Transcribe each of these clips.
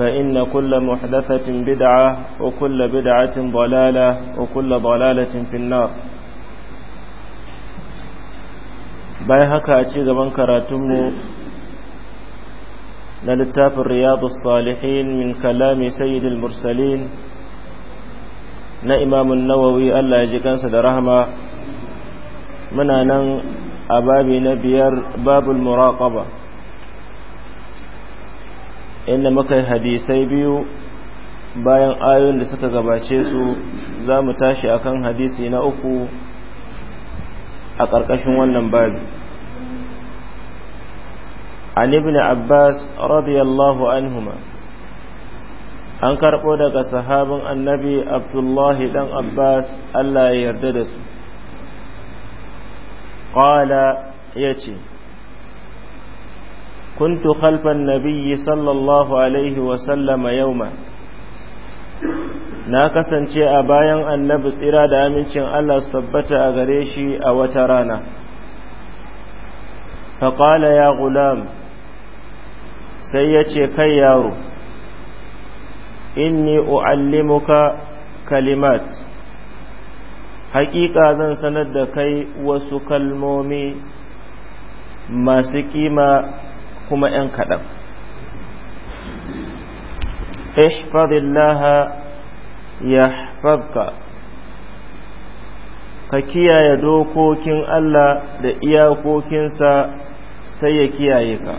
فإن كل محدثة بدعة وكل بدعة ضلالة وكل ضلالة في النار باي هكا أتشيغ من كراتم للتاف الرياض الصالحين من كلام سيد المرسلين نإمام النووي ألا يجيكان سدرهما منا نن أبابي نبيار باب المراقبة inda muka yi hadisai biyu bayan ayoyin da suka gabace su za mu tashi kan hadisi na uku a ƙarƙashin wannan babi an ibn abbas radiyallahu anhuma an karɓo daga sahabin annabi abdullahi dan abbas allah ya yarda da su ƙala ya ce كنت خلف النبي صلى الله عليه وسلم يوما na kasance a bayan annabi tsira da amincin Allah su tabbata a gare shi a wata rana faƙala ya gulam sai ya ce kai yaro inni u'allimuka kalimat haƙiƙa zan sanar da kai wasu kalmomi masu kima kuma 'yan kaɗan ya ka kiyaye dokokin Allah da iyakokinsa sai ya kiyaye ka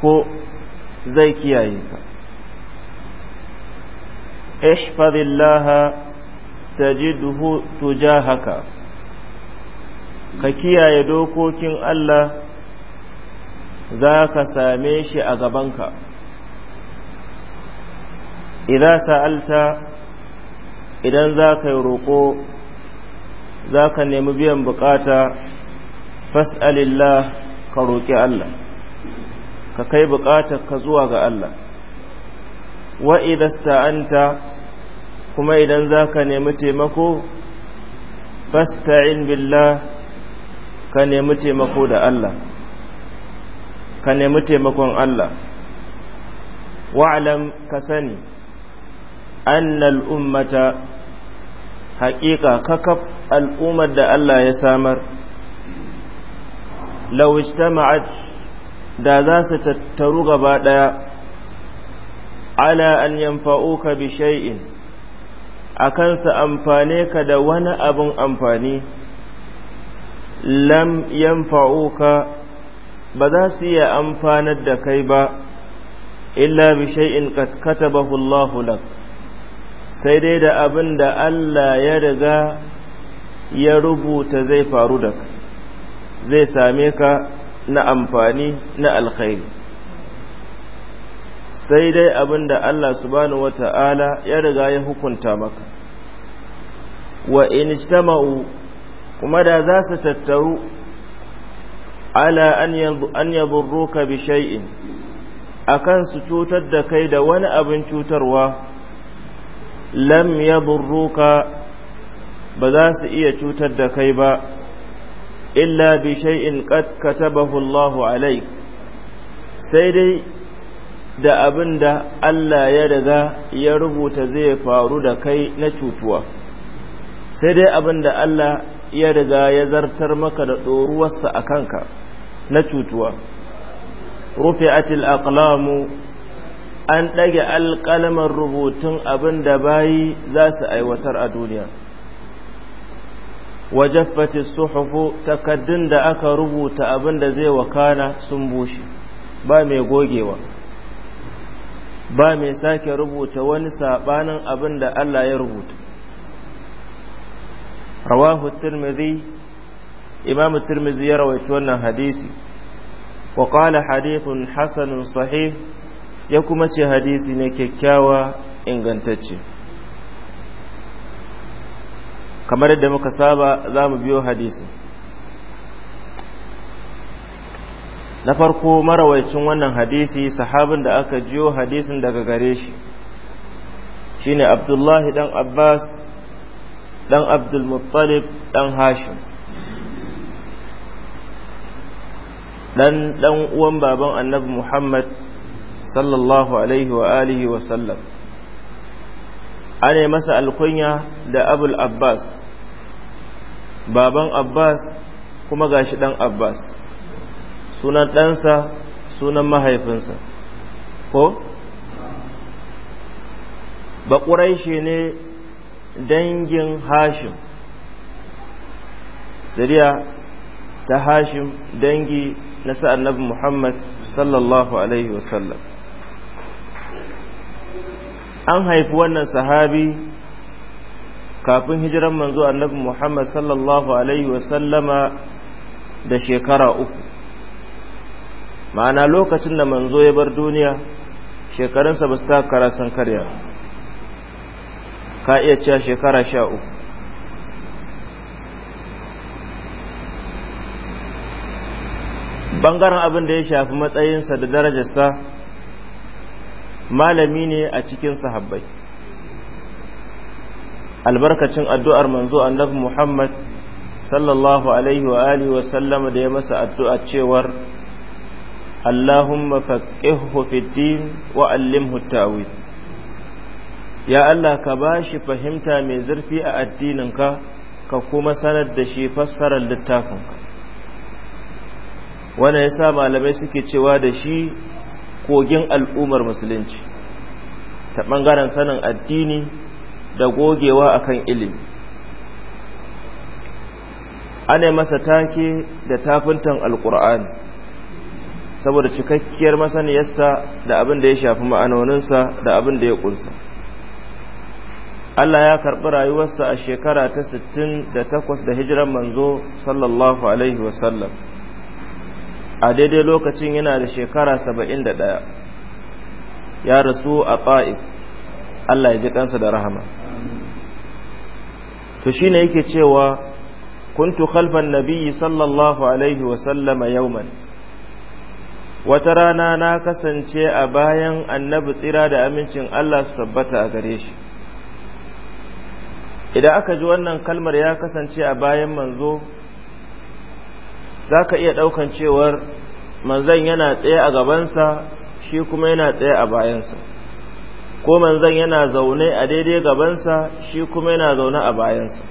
ko zai kiyaye ka ihfazillaha tajidhu tujahaka ka kiyaye dokokin Allah za ka same shi a gabanka idan sa'alta idan za ka yi roƙo za ka nemi biyan bukata fas'alillah ka roƙi Allah ka kai bukatar ka zuwa ga Allah wa idan sta'anta kuma idan za ka nemi taimako fasta'in billah ka nemi taimako da Allah ka nemi taimakon Allah wa'alam ka sani annal ummata haƙiƙa kakaf al'ummar da Allah ya samar ma’ad da za su tattaru gaba ɗaya ala an yamfa'uka bi shay'in akan su amfane ka da wani abin amfani lam yamfa'uka ba za su iya amfanar da kai ba illa bi shay'in qad katabahu Allah lak sai dai da abin da Allah ya riga ya rubuta zai faru da kai zai same ka na amfani na alkhairi sai dai abin da Allah subhanahu wata'ala ya riga ya hukunta maka wa in kuma da za su tattaru ala an yadurruka bi shay'in akan su cutar da kai da wani abin cutarwa lam yadurruka ba za su iya cutar da kai ba illa bi shay'in qad katabahu Allahu alayk sai dai da abin da Allah ya riga ya rubuta zai faru da kai na cutuwa sai dai abin da Allah ya riga ya zartar maka da tsoruwarsa a kanka na cutuwa rufe atil aqlamu an ɗage alƙalaman rubutun abin da bayi za su aiwatar a duniya wajaffati suhufu takaddun da aka rubuta abin da zai wakana sun bushe ba mai gogewa ba mai sake rubuta wani saɓanin abin da Allah ya rubuta rawahu tirmidhi imam tirmizi ya rawaito wannan hadisi wa qala hadithun hasanun sahih ya kuma ce hadisi ne kyakkyawa ingantacce kamar yadda muka saba za mu biyo hadisi na farko marawaicin wannan hadisi sahabin da aka jiyo hadisin daga gare shi shine abdullahi dan abbas dan abdulmuttalib dan hashim dan dan uwan baban annabi Muhammad sallallahu alaihi wa alihi wa sallam ana masa alkunya da abul abbas baban abbas kuma gashi dan abbas sunan ɗansa sunan mahaifinsa ko baƙurai shi ne dangin hashim siriya ta hashim dangi na sa annabi Muhammad sallallahu alaihi wasallam an haifi wannan sahabi kafin hijiran manzo annabi Muhammad sallallahu alaihi wasallama da shekara uku ma'ana lokacin da manzo ya bar duniya shekarunsa ba su ta kara karya ka iya cewa shekara sha uku bangaren abin da ya shafi matsayinsa da darajarsa malami ne a cikin sahabbai albarkacin addu'ar manzo annabi Muhammad sallallahu alaihi wa alihi wa sallama da ya masa addu'a cewar Allahumma faqihhu fid din wa allimhu ya Allah ka bashi fahimta mai zurfi a addininka ka kuma sanar da shi fassarar littafinka wannan sa malamai suke cewa da shi kogin al'ummar musulunci ta ɓangaren sanin addini da gogewa akan ilimi ana masa take da tafintan alkur'ani saboda cikakkiyar masaniyarsa da abin da ya shafi ma'anoninsa da abin da ya kunsa Allah ya karɓi rayuwarsa a shekara ta 68 da hijiran manzo sallallahu alaihi wasallam a daidai lokacin yana da shekara saba'in da ɗaya ya rasu a ƙa'if Allah ya ji ɗansa da rahama to shi ne yake cewa kuntu khalfan nabiyyi sallallahu alaihi wasallama yauman wata rana na kasance a bayan annabi tsira da amincin Allah su tabbata a gare shi idan aka ji wannan kalmar ya kasance a bayan manzo za ka iya ɗaukan cewar manzan yana tsaye a gabansa shi kuma yana tsaye a bayansa ko manzan yana zaune a daidai gabansa shi kuma yana zaune a bayansa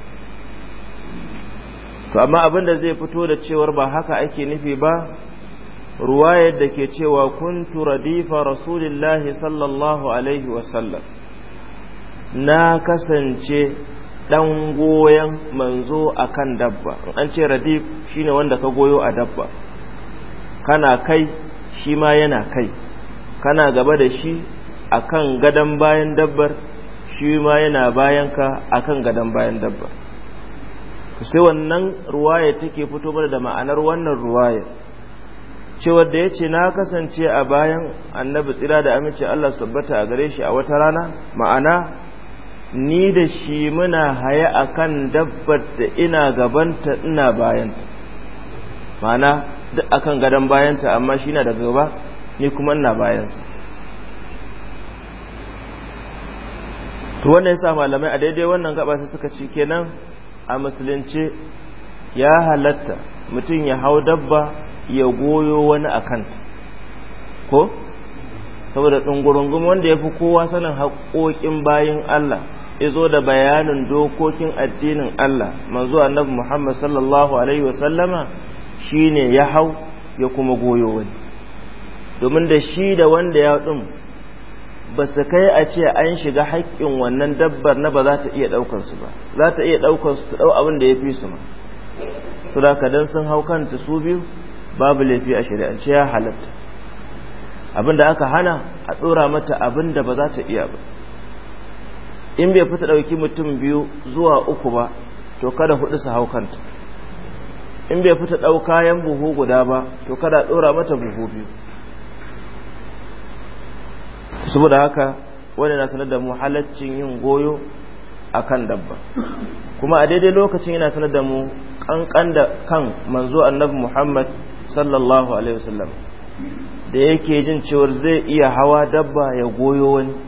to amma abin zai fito da cewar ba haka ake nufi ba ruwayar da ke cewa kuntu radifa rasulillahi sallallahu alaihi wasallam na kasance dan goyon manzo akan dabba an ce radif shine wanda ka goyo a dabba kana kai shi ma yana kai kana gaba da shi akan gadan bayan dabbar shi ma yana bayan ka akan gadan bayan dabbar sai wannan ruwaya take fito mana da ma'anar wannan ruwaya cewa da yace na kasance a bayan annabi tsira da amince Allah subhanahu a gare shi a wata rana ma'ana ni da shi muna haya akan dabbar da ina gabanta ina bayanta mana duk akan gadon bayanta amma shi na daga gaba ni kuma ina bayansa to wannan yasa malamai a daidai wannan gaba sai suka ci kenan a musulunci ya halatta mutum ya hau dabba ya goyo wani akanta ko saboda ɗungurungun wanda ya fi kowa sanin haƙoƙin bayin Allah izo da bayanin dokokin addinin Allah manzo annabi Muhammad sallallahu alaihi wasallama shine ya hau ya kuma goyo wani domin da shi da wanda ya din ba su kai a ce an shiga haƙƙin wannan dabbar na ba za ta iya daukar su ba za ta iya daukar su dau abin da ya fi su ma su dan sun hau kanta su biyu babu laifi a shari'ance ya halatta abin da aka hana a dora mata abin da ba za ta iya ba in bai fita ɗauki mutum biyu zuwa uku ba to kada hudu su hau kanta in bai fita ɗau kayan buhu guda ba to kada ɗora mata buhu biyu saboda haka wani na sanar da mu halaccin yin goyo a kan dabba kuma a daidai lokacin yana sanar da mu kankan da kan manzo annabi muhammad sallallahu alaihi wasallam da yake jin cewar zai iya hawa dabba ya goyo wani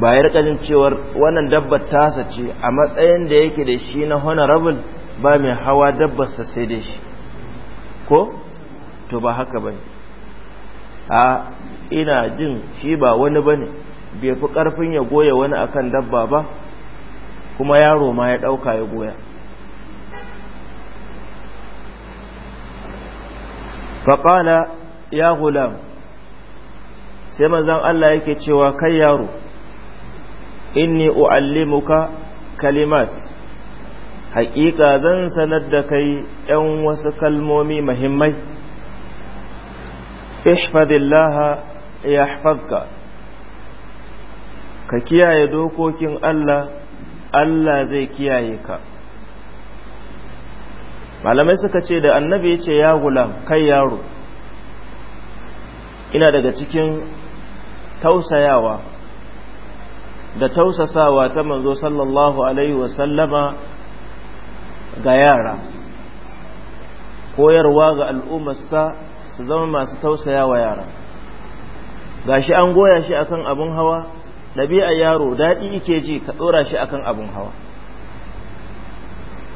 ba ya rika jin cewar wannan dabbar tasa ce a matsayin da yake da shi na honorable ba mai hawa dabbarsa sai da shi ko to ba haka ba a ina jin shi ba wani ba ne bai fi ƙarfin ya goya wani akan dabba ba kuma yaro ma ya ɗauka ya goya faƙala ya gulam sai manzan Allah yake cewa kai yaro inni u'allimuka kalimat haƙiƙa zan sanar da kai ‘yan wasu kalmomi mahimmai ishfadillaha yahfazka ka kiyaye dokokin Allah Allah zai kiyaye ka malamai suka ce da annabi ya ce ya gula kai yaro ina daga cikin tausayawa da tausasawa ta manzo sallallahu alaihi wasallama ga yara koyarwa ga al'ummarsa su zama masu tausaya wa yara gashi an goya shi akan abin hawa ɗabi'a yaro daɗi ike ji ka ɗora shi akan abin hawa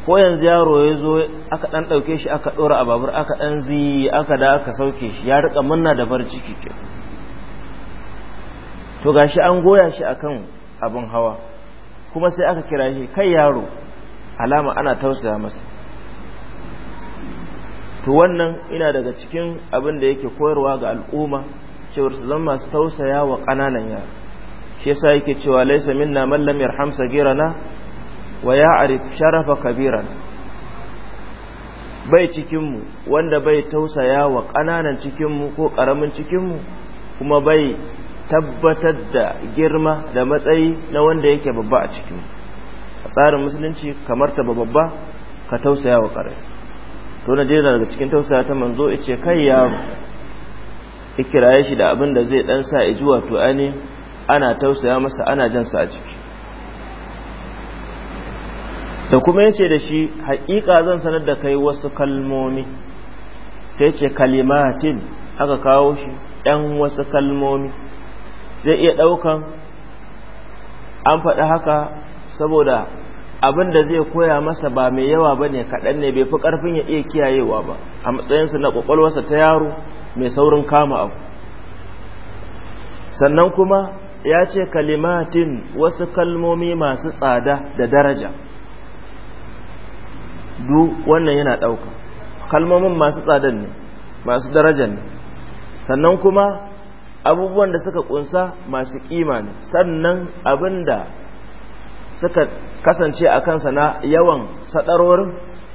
ko yanzu yaro ya zo aka ɗan ɗauke shi aka ɗora a babur aka ɗan ziyi aka da aka sauke shi ya riƙa murna da bar ciki to gashi an goya shi akan abin hawa kuma sai aka kira shi kai yaro alama ana tausaya masa to wannan ina daga cikin abin da yake koyarwa ga al'umma cewar su zama masu tausaya wa ƙananan yara shi yasa yake cewa laisa minna man lam yarham sagirana wa ya'rif sharafa kabirana bai cikin mu wanda bai tausaya wa ƙananan cikin mu ko ƙaramin cikin mu kuma bai tabbatar da girma da matsayi na wanda yake babba a cikin a tsarin musulunci kamar ta babba ka tausaya wa ƙarai to na jira daga cikin tausaya ta manzo ce kai ya ikiraye shi da abin da zai dan sa iji wato ani ana tausaya masa ana jan sa a ciki da kuma yace da shi haƙiƙa zan sanar da kai wasu kalmomi sai ce kalimatin aka kawo shi ɗan wasu kalmomi zai iya ɗaukan an faɗi haka saboda abin da zai koya masa ba mai yawa ba ne kaɗan ne bai fi ƙarfin ya iya kiyayewa ba a matsayinsu na ƙwaƙwalwarsa ta yaro mai saurin kama abu sannan kuma ya ce kalimatin wasu kalmomi masu tsada da daraja du wannan yana ɗauka kalmomin masu tsadan ne masu daraja ne sannan kuma abubuwan da suka kunsa masu kima sannan sannan da suka kasance a kansa na yawan sadarorin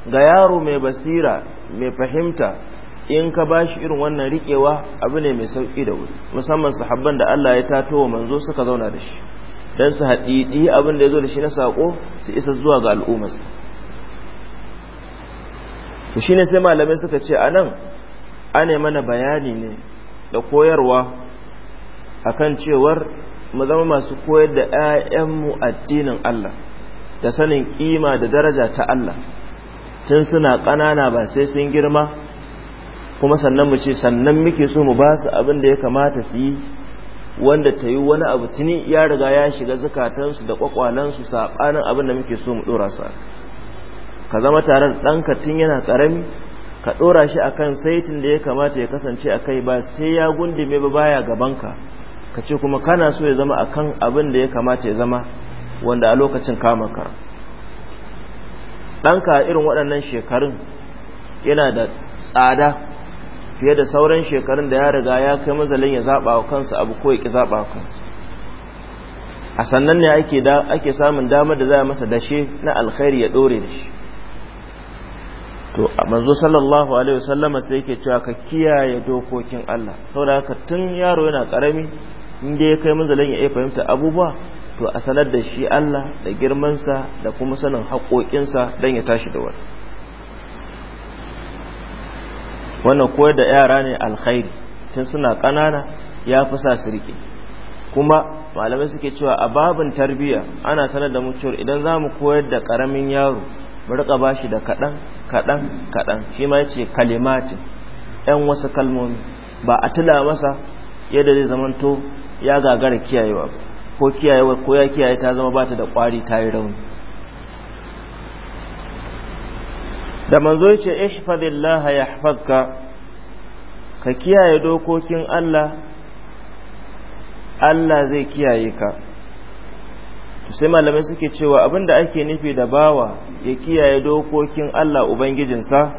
ga yaro mai basira mai fahimta in ka ba shi irin wannan riƙewa abu ne mai sauƙi da wuri musamman sahabban da Allah ya tato wa manzo suka zauna da shi don su haɗiɗi abin da ya zo da shi na saƙo su isa zuwa ga al'ummarsu su shi ne sai malamai suka ce a nan ana mana bayani ne da koyarwa akan cewar mu zama masu koyar da 'ya'yanmu addinin Allah da sanin kima da daraja ta Allah tun suna ƙanana ba sai sun girma kuma sannan mu ce sannan muke so mu ba su abin da ya kamata su yi wanda ta yi wani abu tuni ya riga ya shiga zukatansu da kwakwalansu saɓanin abin da muke so mu ɗora sa ka zama tare da ɗanka tun yana ƙarami ka ɗora shi akan saitin da ya kamata ya kasance a kai ba sai ya gundume ba baya gabanka ka ce kuma kana so ya zama akan abin da ya kamata ya zama wanda a lokacin kama ka ɗanka irin waɗannan shekarun yana da tsada fiye da sauran shekarun da ya riga ya kai mazalin ya zaɓa wa kansa abu ko ya ƙi zaɓa wa kansa a sannan ne ake samun damar da za a masa dashe na alkhairi ya ɗore da shi to a manzo sallallahu alaihi wasallama sai yake cewa ka kiyaye dokokin Allah saboda haka tun yaro yana karami in dai ya kai manzalin ya iya fahimta abubuwa to a sanar da shi Allah da girmansa da kuma sanin haƙoƙinsa don ya tashi da wani wannan koyar da yara ne alkhairi tun suna ƙanana ya fi sa su riƙe kuma malamai suke cewa a babin tarbiyya ana sanar da mu cewa idan za mu koyar da ƙaramin yaro mu rika ba shi da kaɗan kaɗan kaɗan shi ma yace kalimatin ‘yan wasu kalmomi ba a tila masa yadda zai zamanto ya gagara kiyayewa ko kiyayewa ko ya kiyaye ta zama bata da kwari ta yi rauni da manzo ya ce ya hafazka ka kiyaye dokokin Allah Allah zai kiyaye ka sai malamai suke cewa abinda ake nufi da bawa ya kiyaye dokokin Allah ubangijinsa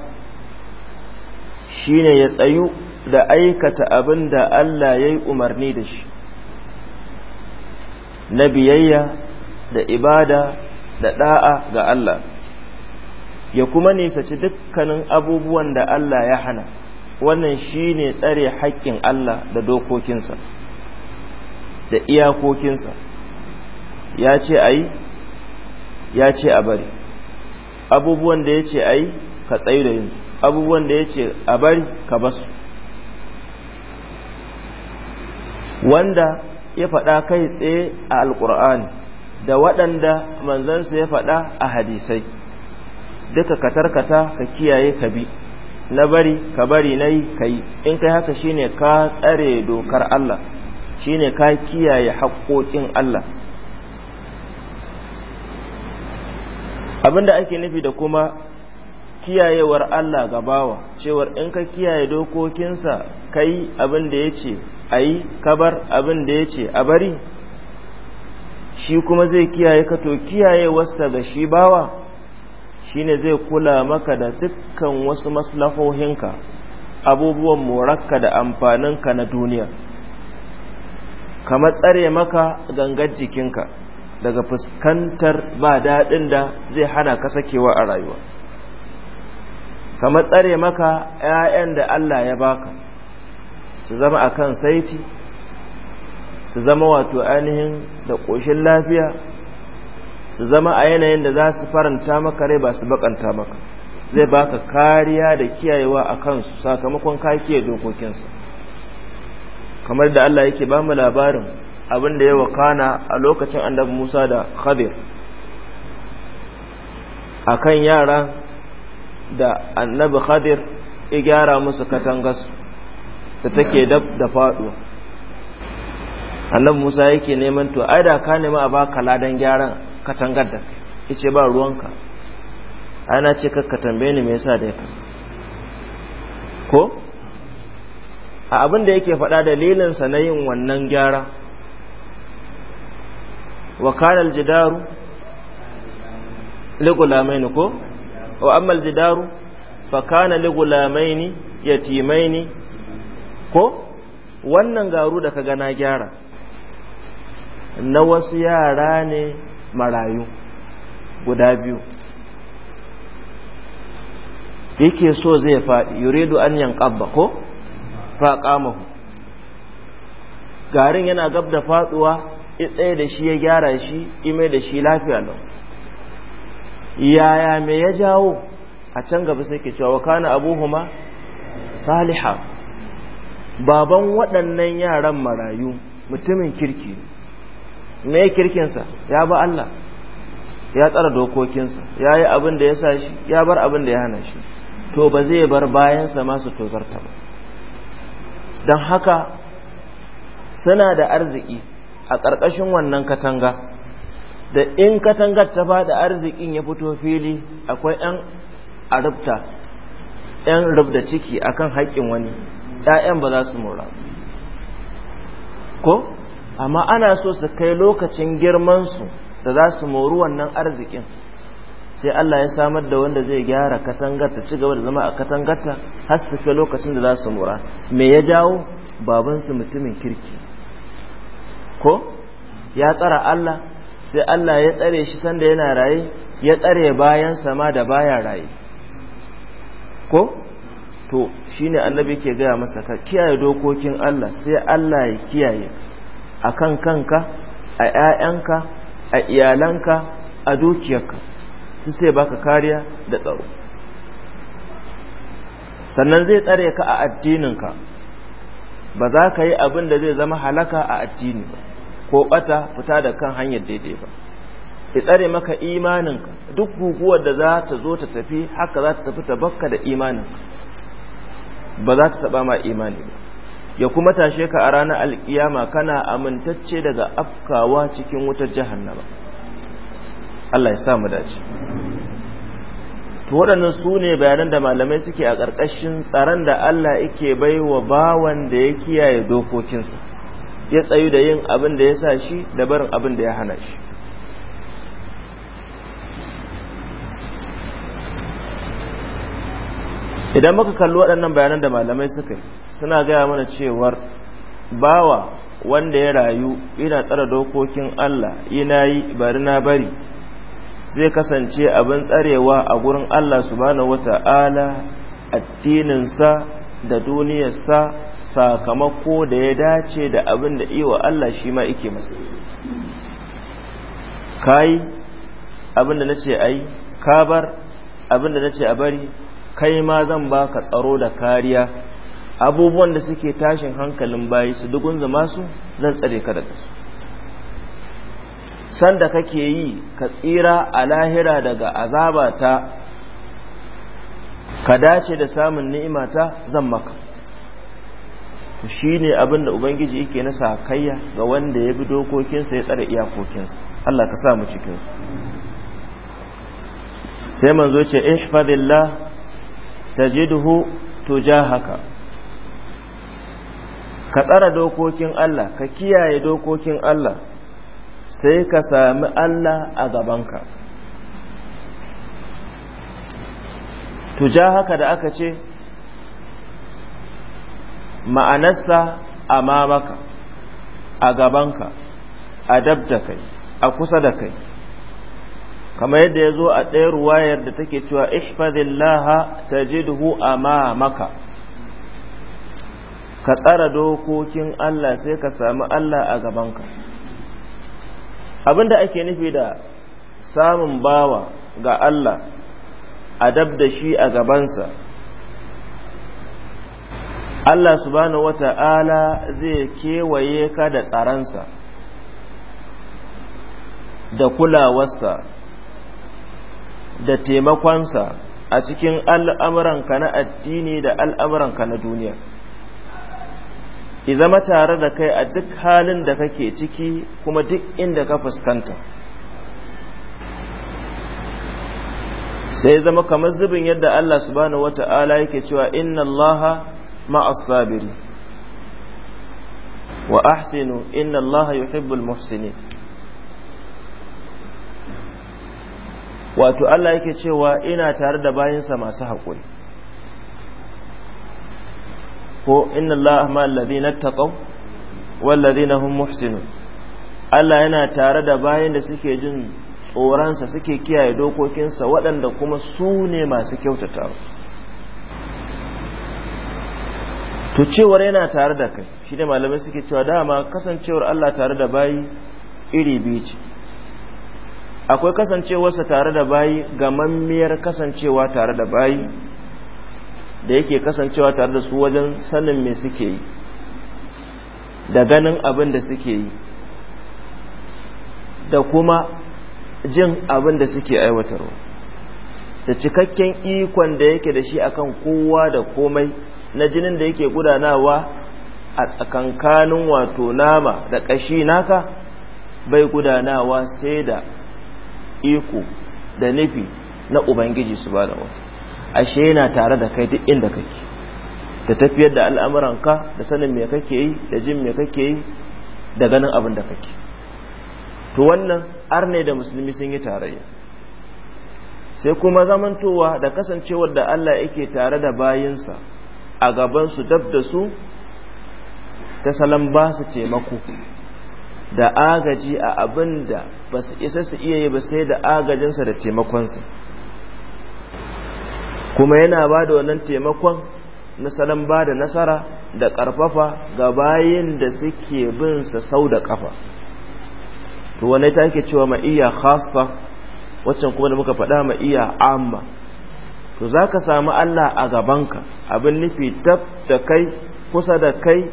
shine ya tsayu da aikata abinda Allah ya yi umarni da shi na biyayya da ibada da da'a ga Allah ya kuma nisaci dukkanin abubuwan da Allah ya hana wannan shine tsare haƙƙin Allah da dokokinsa da iyakokinsa ya ce a yi ya ce a bari abubuwan da ya ce a yi ka tsayi da yin abubuwan da ya ce a bari ka basu wanda ya faɗa kai tsaye a alƙur'ani da waɗanda manzansa ya faɗa a hadisai duka katarkata ka kiyaye ka bi na bari ka bari na yi ka yi in kai haka shine ka tsare dokar Allah shine ka kiyaye haƙoƙin Allah abinda ake nufi da kuma kiyayewar Allah ga bawa cewar in ka kiyaye dokokinsa kai abin da ya ce a yi kabar abin da ya ce a bari shi kuma zai kiyaye ka to kiyaye wasta ga shi bawa shine zai kula maka da dukkan wasu maslahohinka abubuwan morakka da amfaninka na duniya kamar tsare maka gangar jikinka daga fuskantar ba daɗin da zai hana ka sakewa a rayuwa kama tsare maka 'ya'yan da Allah ya baka su zama akan saiti su zama wato ainihin da ƙoshin lafiya su zama a yanayin da za su faranta maka rai ba su bakanta maka zai baka kariya da kiyayewa a kansu sakamakon kakiye dokokinsa kamar da Allah yake ba mu labarin abin da ya wakana a lokacin annabi Musa da Khadir akan yaran. da annabi khadir ya gyara musu katangas da take dab da faɗo annabi musa yake neman to ai da ka nema a baka ladan gyaran katangar da yace ba ruwanka ana ce kakka tambaye ni me yasa da ka ko a abin da yake faɗa dalilinsa na yin wannan gyara wa jidaru aljidaru ligulamaini ko wa amma jidaru fa kana li gulamaini yatimaini ko wannan garu da kaga na gyara na wasu yara ne marayu guda biyu yake so zai faɗi yuridu an yanqabba ko fa qamahu garin yana gab da faduwa ya tsaye da shi ya gyara shi imai da shi lafiya lau yaya me ya jawo a can gaba sai ke cewa wa kana abuhuma saliha baban waɗannan yaran marayu mutumin kirki me kirkinsa ya ba Allah ya tsara dokokinsa ya yi abin da ya sa shi ya bar abin da ya hana shi to ba zai bar bayansa masu tozarta ba don haka suna da arziki a ƙarƙashin wannan katanga da in katangar ta faɗi arzikin ya fito fili akwai 'yan arabta 'yan rubda ciki akan haƙƙin wani 'ya'yan ba za su mura, ko amma ana so su kai lokacin girmansu da za su mori wannan arzikin sai Allah ya samar da wanda zai gyara katangar ta ci gaba da zama a katangar ta har su kai lokacin da za su mura, me ya jawo babansu mutumin kirki ko ya tsara Allah sai Allah ya tsare shi sanda yana raye ya tsare bayan sama da baya raye ko to shine annabi ke gaya masa ka kiyaye dokokin Allah sai Allah ya kiyaye akan kanka a ƴaƴanka a iyalanka a dukiyarka sai baka kariya da tsaro sannan zai tsare ka a addininka ba za ka yi abin da zai zama halaka a addini ba ko bata fita da kan hanyar daidai ba Ki tsare maka imaninka duk guguwar da za ta zo ta tafi haka za ta tafi ta bakka da imaninka ba za ta taba ma imani ba ya kuma tashe ka a ranar alkiyama kana amintacce daga afkawa cikin wutar jahannama Allah ya sa mu dace to waɗannan su ne bayanan da malamai suke a ƙarƙashin tsaron da Allah yake baiwa bawan da ya kiyaye dokokinsa ya tsayu da yin abin da ya sa shi da barin abin da ya hana shi idan muka kalli waɗannan bayanan da malamai suka suna gaya mana cewar bawa wanda ya rayu ina tsara dokokin Allah ina yi bari na bari zai kasance abin tsarewa a gurin Allah subhanahu wata'ala addininsa da duniyar sa. sakamako da ya dace da abin da iwa Allah shi ma ike masa kai abin da nace ai ka bar abin da nace a bari kai ma zan baka tsaro da kariya abubuwan da suke tashin hankalin bayi su dugun zama su zan tsare ka daga su sanda kake yi ka tsira a lahira daga azabata ka dace da samun ni'imata zan maka shi ne abinda ubangiji yake na sakayya ga wanda ya bi dokokinsa ya tsara iyakokinsa Allah ka sa mu cikinsu sai manzo ce ihfazillah tajidhu tujahaka ka tsara dokokin Allah ka kiyaye dokokin Allah sai ka sami Allah a gabanka tujahaka da aka ce ma'anarsa a mamaka a gabanka a dab da kai a kusa da kai kamar yadda ya zo a ɗaya ruwayar da take cewa ta ishfadillaha a mamaka ka tsara dokokin Allah sai ka sami Allah a gabanka abinda ake nufi da samun bawa ga Allah a dab da shi a gabansa Allah subhanahu wata'ala zai kewaye ka da tsaransa da kulawarsa da taimakonsa a cikin al'amuranka na addini da al'amuranka na duniya zama tare da kai a duk halin da kake ciki kuma duk inda ka fuskanta sai zama kamar zubin yadda Allah subhanahu wata'ala yake cewa inna Allaha مع الصابرين وأحسنوا إن الله يحب المحسنين wato Allah yake cewa ina tare da bayansa masu haƙuri ko inna Allah ma na alladhina taqaw na hum muhsinun Allah yana tare da bayan da suke jin tsoronsa suke kiyaye dokokinsa waɗanda kuma su ne masu kyautata to cewar yana tare da kai shi ne malamai suke cewa dama kasancewar Allah tare da bayi iri biyu ce akwai kasancewarsa tare da bayi gamammiyar kasancewa tare da bayi da yake kasancewa tare da su wajen sanin me suke yi da ganin abin da suke yi da kuma jin abin da suke aiwatarwa da cikakken ikon da yake da shi akan kowa da komai na jinin da yake gudanawa a tsakankanin wato nama da ƙashi naka bai gudanawa sai da iko da nufi na ubangiji su ba da ashe yana tare da kai duk inda kake da tafiyar da al'amuranka da sanin me kake yi da jin me kake yi da ganin abin da kake to wannan arne da musulmi sun yi tarayya sai kuma zamantowa da kasancewar da Allah yake tare da bayinsa a su dab da su ta salon ba su taimako da agaji a abin da ba su isa su iya yi ba sai da agajinsa da taimakonsa kuma yana ba da wannan taimakon na salon ba da nasara da ƙarfafa ga bayin da suke bin sa sau da ƙafa to wane ta ke cewa ma iya khassa waccan kuma da muka faɗa ma iya amma to za ka samu Allah a gabanka abin nufi tab da kai kusa da kai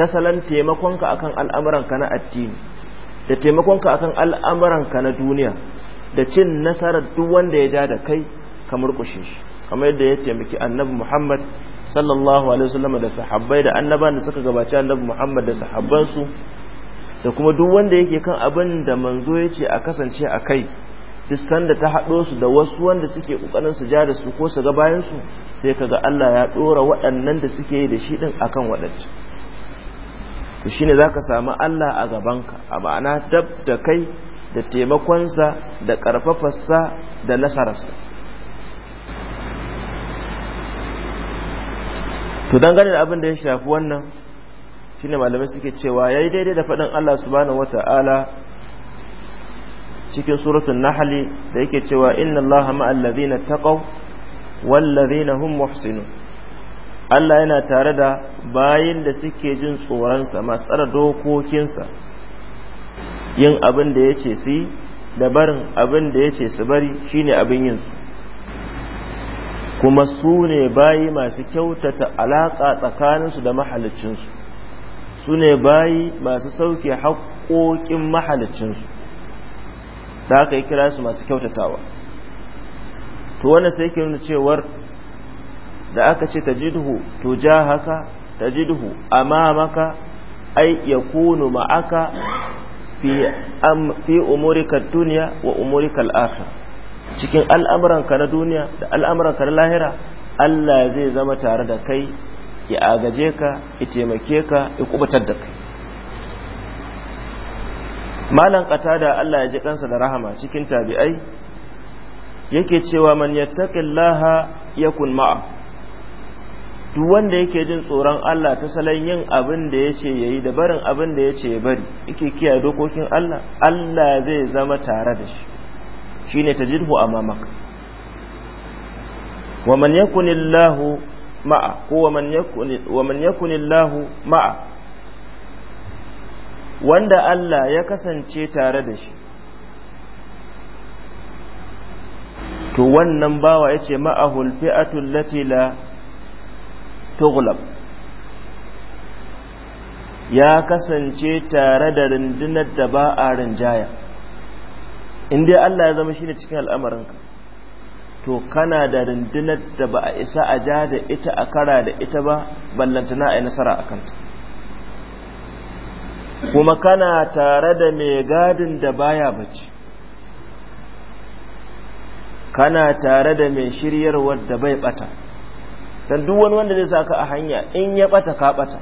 ta salon taimakonka akan al'amuranka na addini da taimakonka akan al'amuranka na duniya da cin nasarar duk wanda ya ja da kai ka murkushe shi kamar yadda ya taimaki annabi Muhammad sallallahu alaihi wasallam da sahabbai da annaban da suka gabaci annabi Muhammad da sahabbansu da kuma duk wanda yake kan abin da manzo ya ce a kasance a kai fiskan da ta haɗo su da wasu wanda suke ƙoƙarin su ja da su ko su ga bayan su sai kaga Allah ya ɗora waɗannan da suke yi da shi ɗin akan waɗancan to za zaka samu Allah a gabanka a ma'ana dab da kai da taimakonsa da ƙarfafarsa da nasararsa to dangane da abin da ya shafi wannan shi ne malamai suke cewa ya yi daidai da faɗin Allah subhanahu wata'ala cikin suratul nahl da yake cewa inna allaha ma ladina taqaw wal ladina hum muhsinun Allah yana tare da bayin da suke jin tsoronsa masu tsara dokokinsa yin abin da ya ce su yi da barin abin da ya su bari shine abin yinsu kuma su ne bayi masu kyautata alaƙa tsakaninsu da mahalicinsu su ne bayi masu sauke haƙoƙin mahalicinsu da aka yi kira su masu kyautatawa to wannan sai ke nuna cewar da aka ce tajiduhu haka tajiduhu maka ai kunu ma'aka fi am fi umurika duniya wa umurika al cikin al'amuranka na duniya da al'amuranka na lahira Allah zai zama tare da kai ya agaje ka ya taimake ka ya kubutar da kai malan qatada Allah ya ji kansa da rahama cikin tabi'ai yake cewa man yattaqillaha yakun ma'a duk wanda yake jin tsoron Allah ta salon yin abin da yace yayi da barin abin da yace ya bari yake kiyaye dokokin Allah Allah zai zama tare da shi shine tajidhu amamak wa man yakunillahu ma'a ko wa man yakunillahu ma'a wanda Allah ya kasance tare da shi to wannan bawa ya ce ma'ahul fi'atul lati la tughlab ya kasance tare da rundunar da ba a rinjaya in dai Allah ya zama shi ne cikin al'amarin ka, to kana da rundunar da ba a isa a ja da ita a kara da ita ba ballantana a yi nasara a kanta kuma kana tare da mai gadin da baya bacci kana tare da mai shiryarwar da bai bata don duk wani wanda zai saka a hanya in ya bata ka bata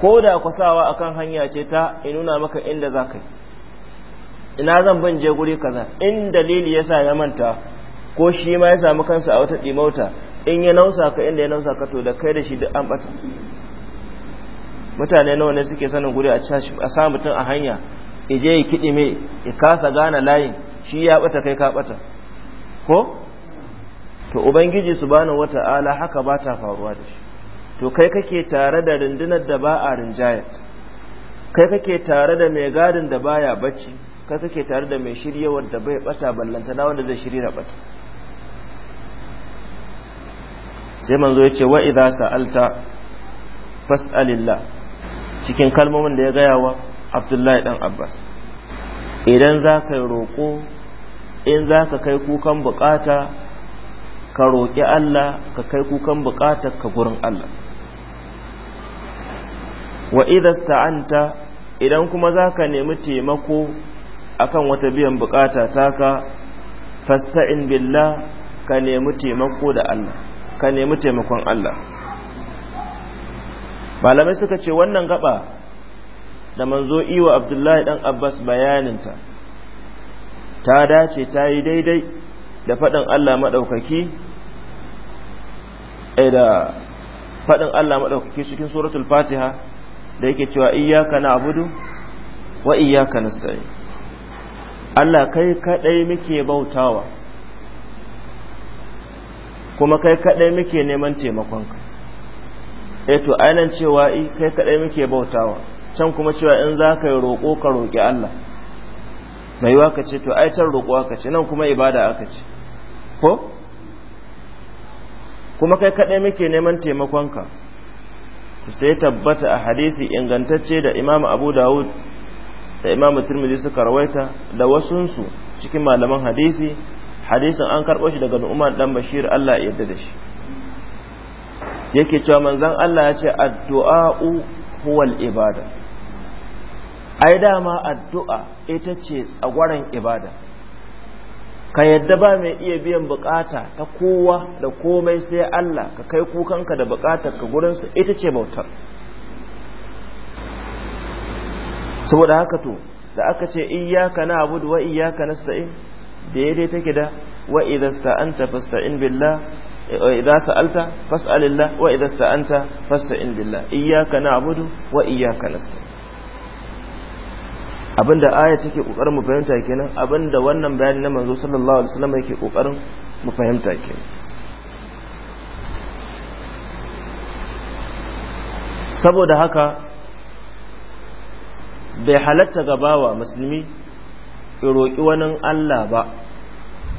ko da kusawa akan hanya ce ta inuna maka inda za ka yi ina zan ban je guri kaza in dalili yasa ya manta ko shi ma ya samu kansa a wata dimauta in ya nausa ka inda ya nausa ka to da kai da shi duk an bata mutane nawa ne suke sanin guri a sa mutum a hanya ije ya kidime ya kasa gane layin shi ya bata kai ka bata ko to ubangiji subhanahu wata'ala haka ba ta faruwa da shi to kai kake tare da rundunar da ba a rinjayat kai kake tare da mai gadin da baya bacci kai kake tare da mai shiryawar da bai bata ballanta na wanda zai shirya bata sai manzo ya ce wa idza sa'alta fas'alillah cikin kalmomin da ya gaya wa abdullahi dan abbas idan za ka roƙo in za ka kai kukan bukata ka roƙi allah ka kai kukan bukatar ka gurin allah wa sta'anta idan kuma za ka nemi taimako akan wata biyan bukata taka fasta'in billah ka nemi taimako da allah ka nemi taimakon allah malamai suka ce wannan gaba da manzo iwa abdullahi dan abbas bayanin ta dace ta yi daidai da faɗin allah maɗaukaki eh, da faɗin allah maɗaukaki cikin suratul fatiha da yake cewa iyaka na abudu wa iyaka nasta'in allah kai kaɗai muke bautawa kuma kai kaɗai muke neman taimakonka eh to ainihin cewa kai kaɗai muke bautawa can kuma cewa in za ka yi roƙo ka roƙi Allah mai waka ce to ai can roƙo aka ce nan kuma ibada aka ce ko kuma kai kaɗai muke neman taimakonka sai tabbata a hadisi ingantacce da imam abu dawud da imam turmizi suka rawaita da wasunsu cikin malaman hadisi hadisin an karɓo shi daga nu'man dan bashir Allah ya yarda da shi yake cewa manzan Allah ya ce addu'a'u huwal ibada ai dama addu'a ita ce tsagwaron ibada ka yadda ba mai iya biyan bukata ta kowa da komai sai Allah ka kai kukanka da bukatar ka gurinsa ita ce bautar saboda haka to da aka ce iyyaka na'budu wa iyyaka nasta'in daidai take da wa idza sta'anta fasta'in billah Idan sa'alta fas'alillah wa idza sta'anta fasta'in billah iyyaka na'budu wa iyyaka nasta abinda aya take kokarin mu fahimta kenan abinda wannan bayani na manzo sallallahu alaihi wasallam yake kokarin mu fahimta kenan saboda haka bai halatta gabawa musulmi ya roƙi wani Allah ba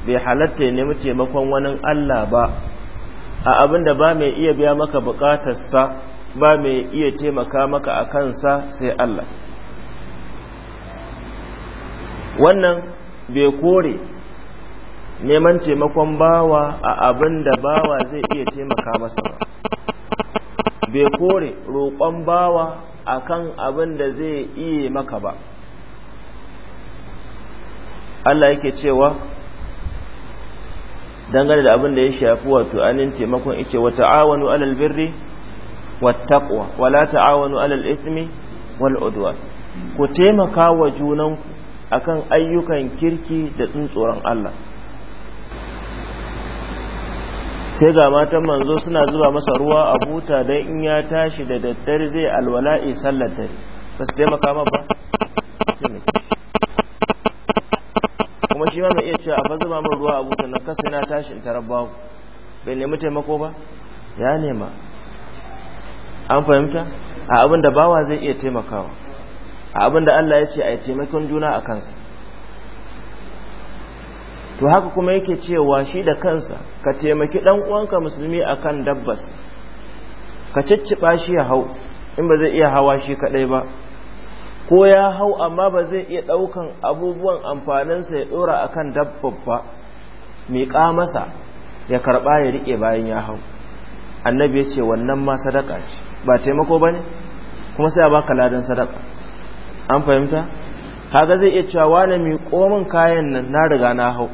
bai halatta ya nemi taimakon wani Allah ba a abin da ba mai iya biya maka bukatarsa ba mai iya taimaka maka a kansa sai Allah wannan bai kore neman taimakon bawa a abin da bawa zai iya taimaka masa ba bai kore roƙon bawa a kan abin da zai iya maka ba Allah yake cewa dangane da abin da ya shafi wato anin taimakon ice wa ta'awanu alal birri wat taqwa wa la ta'awanu alal ithmi wal udwan ku taimaka wa junanku akan ayyukan kirki da tsuntsoron Allah sai ga matan manzo suna zuba masa ruwa a buta dan in ya tashi da daddare zai alwala'i sallar dare ba su taimaka ma ba shi ma mai iya cewa a zuba min ruwa a buta na kasa na tashi in tarar bai nemi taimako ba ya nema an fahimta a abin da bawa zai iya taimakawa a abin da Allah ya ce a yi taimakon juna a kansa to haka kuma yake cewa shi da kansa ka taimaki dan uwanka musulmi akan dabbas ka cicciba shi ya hau in ba zai iya hawa shi kadai ba ko ya hau amma ba zai iya ɗaukan abubuwan amfaninsa ya ɗora a kan dabbabba miƙa masa ya karɓa ya riƙe bayan ya hau annabi ya ce wannan ma sadaka ce ba taimako ba ne kuma sai a baka ladan sadaka an fahimta kaga zai iya cewa wani miko min kayan nan na riga na hau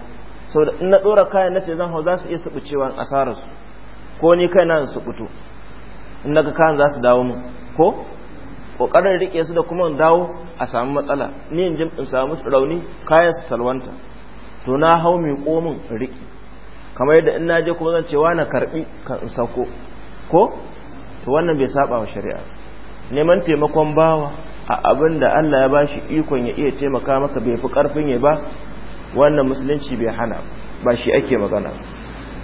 saboda in na ɗora kayan na ce zan hau za su iya suɓucewa asararsu ko ni kai na su in daga kayan za su dawo mu ko kokarin rike su da kuma dawo a samu matsala ni in in samu rauni kayan su salwanta to na hau mai komin rike kamar yadda in naje kuma zan cewa na karbi kan in sako ko to wannan bai saba wa shari'a neman taimakon bawa a abin da Allah ya bashi ikon ya iya taimaka maka bai fi karfin ya ba wannan musulunci bai hana ba shi ake magana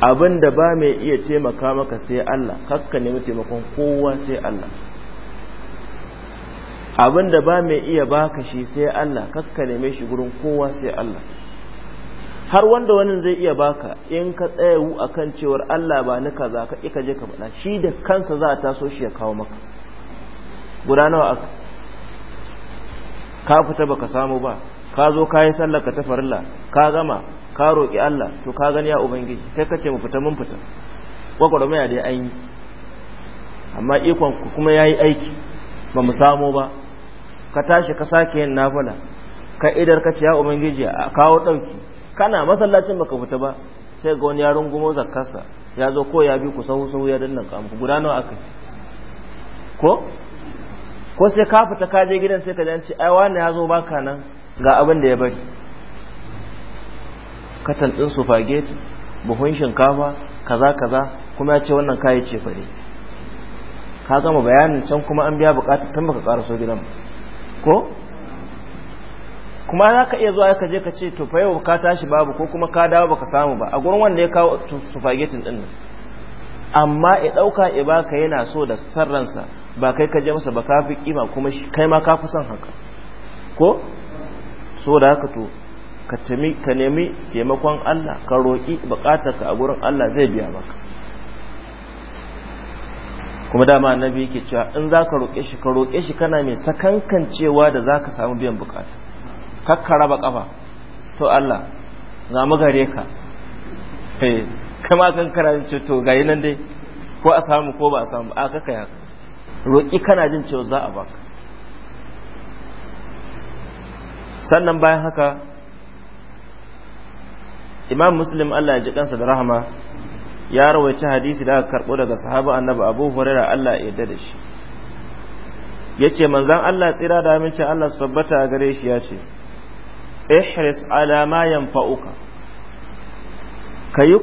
abin da ba mai iya taimaka maka sai Allah kakka nemi taimakon kowa sai Allah abin da ba mai iya baka shi sai Allah kakka neme shi gurin kowa sai Allah har wanda wani zai iya baka in ka tsayawu kan cewar Allah ba ni kaza ka ika je ka faɗa shi da kansa za a taso shi ya kawo maka guda nawa aka ka fita baka samu ba ka zo ka yi sallar ka ta farilla ka gama ka roƙi Allah to ka gani ya ubangiji kai ka ce mu fita mun fita gwagwarmaya dai an yi amma ikon kuma ya yi aiki ba mu samu ba ka tashi ka sake yin nafila ka idar ka ce ya ubangiji a kawo ɗauki kana masallacin baka fita ba sai ga wani yaron gumo zakkarsa ya zo ko ya bi ku sahu sahu ya danna ka guda nawa ko ko sai ka fita ka je gidan sai ka ji ai wani ya zo baka nan ga abin da ya bari katan din sufageti buhun shinkafa kaza kaza kuma ya ce wannan kayi ce fare ka gama bayanin can kuma an biya bukatar tun baka karaso gidan ko kuma za ka iya zuwa ka je ka ce to fa yau ka tashi babu ko kuma ka dawo baka samu ba a gurin wanda ya kawo sufagetin din nan amma ya ɗauka ya baka yana so da sarransa ba kai ka je masa ba kafi kima kuma kai ma ka fi son haka ko so da haka to ka nemi taimakon Allah ka roƙi bukatarka a gurin Allah zai biya maka kuma dama annabi yake cewa in za ka roƙe shi ka roƙe shi kana mai sakankancewa da za ka samu biyan bukata kakka raba ƙafa to Allah za mu gare ka eh, kama kan kana ce to gayi nan dai ko a samu ko ba a samu a kaka ya roƙi kana jin cewa za a baka sannan bayan haka imam muslim Allah ya ji kansa da rahama ya rawaici hadisi da aka karɓo daga sahaba annabi abu hurairah Allah ya yarda da shi Yace manzon Allah tsira da aminci Allah su tabbata a gare shi yace ce ihris ala ma yanfa'uka kayi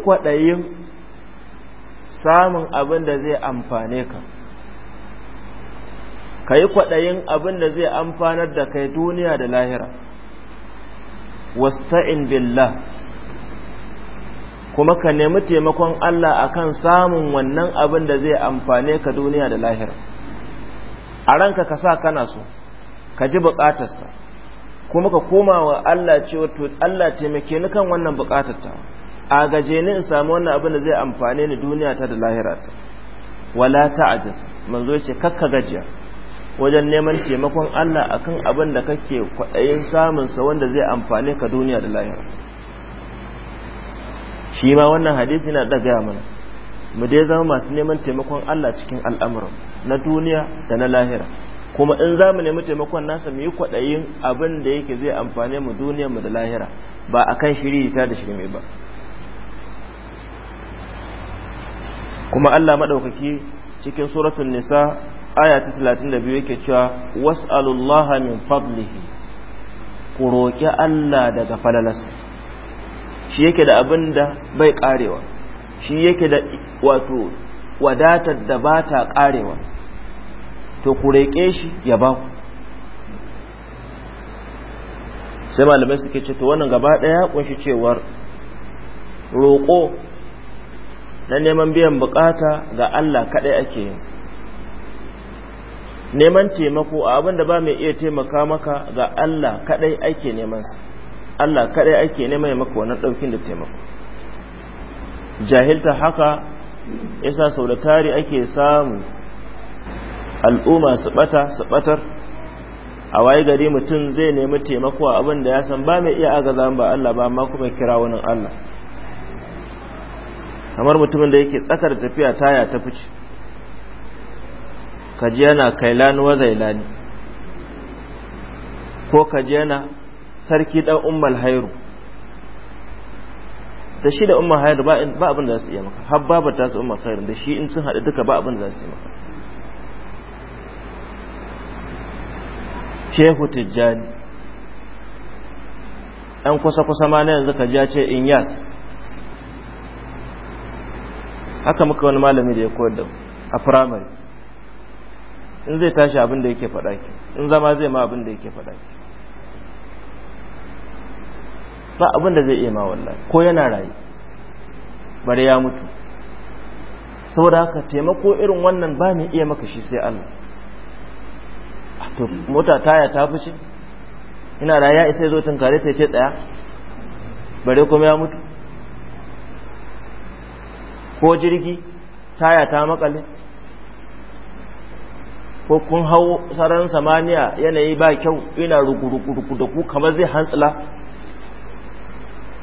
yi samun abin da zai amfane ka ka yi kwaɗayin abin da zai amfanar da kai duniya da lahira wasta'in billah kuma ka nemi taimakon Allah akan samun wannan abin da zai amfane ka duniya da lahira a ranka ka sa kana so ka ji bukatarsa kuma ka koma wa Allah cewa to Allah taimake ni kan wannan ta a gaje ni in samu wannan abin da zai amfane ni duniya ta da lahira ta wala ta'jiz manzo ce kakka gajiya wajen neman taimakon Allah akan abin da kake kwaɗayin samun sa wanda zai amfane ka duniya da lahira shi ma wannan hadisi na daga mana mu dai zama masu neman taimakon Allah cikin al'amuran na duniya da na lahira kuma in za mu nemi taimakon nasa mu yi kwaɗayin abin da yake zai amfane mu duniya mu da lahira ba a kan shiri ta da shirme ba kuma Allah maɗaukaki cikin suratun nisa aya ta 32 yake cewa was'alullaha min fadlihi ku roƙi Allah daga falalas. shi yake da abin da bai karewa shi yake da wato wadatar da ba ta karewa to ku reƙe shi ya ba ku sai malamai suke ce to wannan gaba ɗaya kunshi cewar roƙo na neman biyan bukata ga Allah kaɗai ake yin neman taimako a abin da ba mai iya taimaka maka ga Allah kaɗai ake neman su Allah kadai ake nema ya maka wannan daukin da taimako jahilta haka yasa sau da tari ake samu al'umma su bata su batar a waye gari mutum zai nemi taimako a abin da ya san ba mai iya agaza ba Allah ba amma kuma kira wani Allah kamar mutumin da yake tsakar tafiya taya ta fice kaji yana kailani zailani ko kaji yana sarki dan ummal hairu da shi da ummal hairu ba abin da za su iya maka har babu ta su ummal hairu da shi in sun haɗu duka ba abin da za su yi maka shehu tijjani ɗan kusa-kusa ma na yanzu ka ja ce in yas haka muka wani malami da ya koyar da a firamare in zai tashi abin da yake faɗa in zama zai ma abin da yake faɗa ki ba abin da zai iya ma wallahi ko yana rayu bare ya mutu saboda haka taimako irin wannan ba mai iya maka shi sai Allah ah, to mota taya ta fice ina rayu ya isa zo tunkare ta ce tsaya bare kuma ya mutu ko jirgi taya ta makale ko kun hau sararin samaniya yanayi ba kyau ina ruku da ku kamar zai hantsila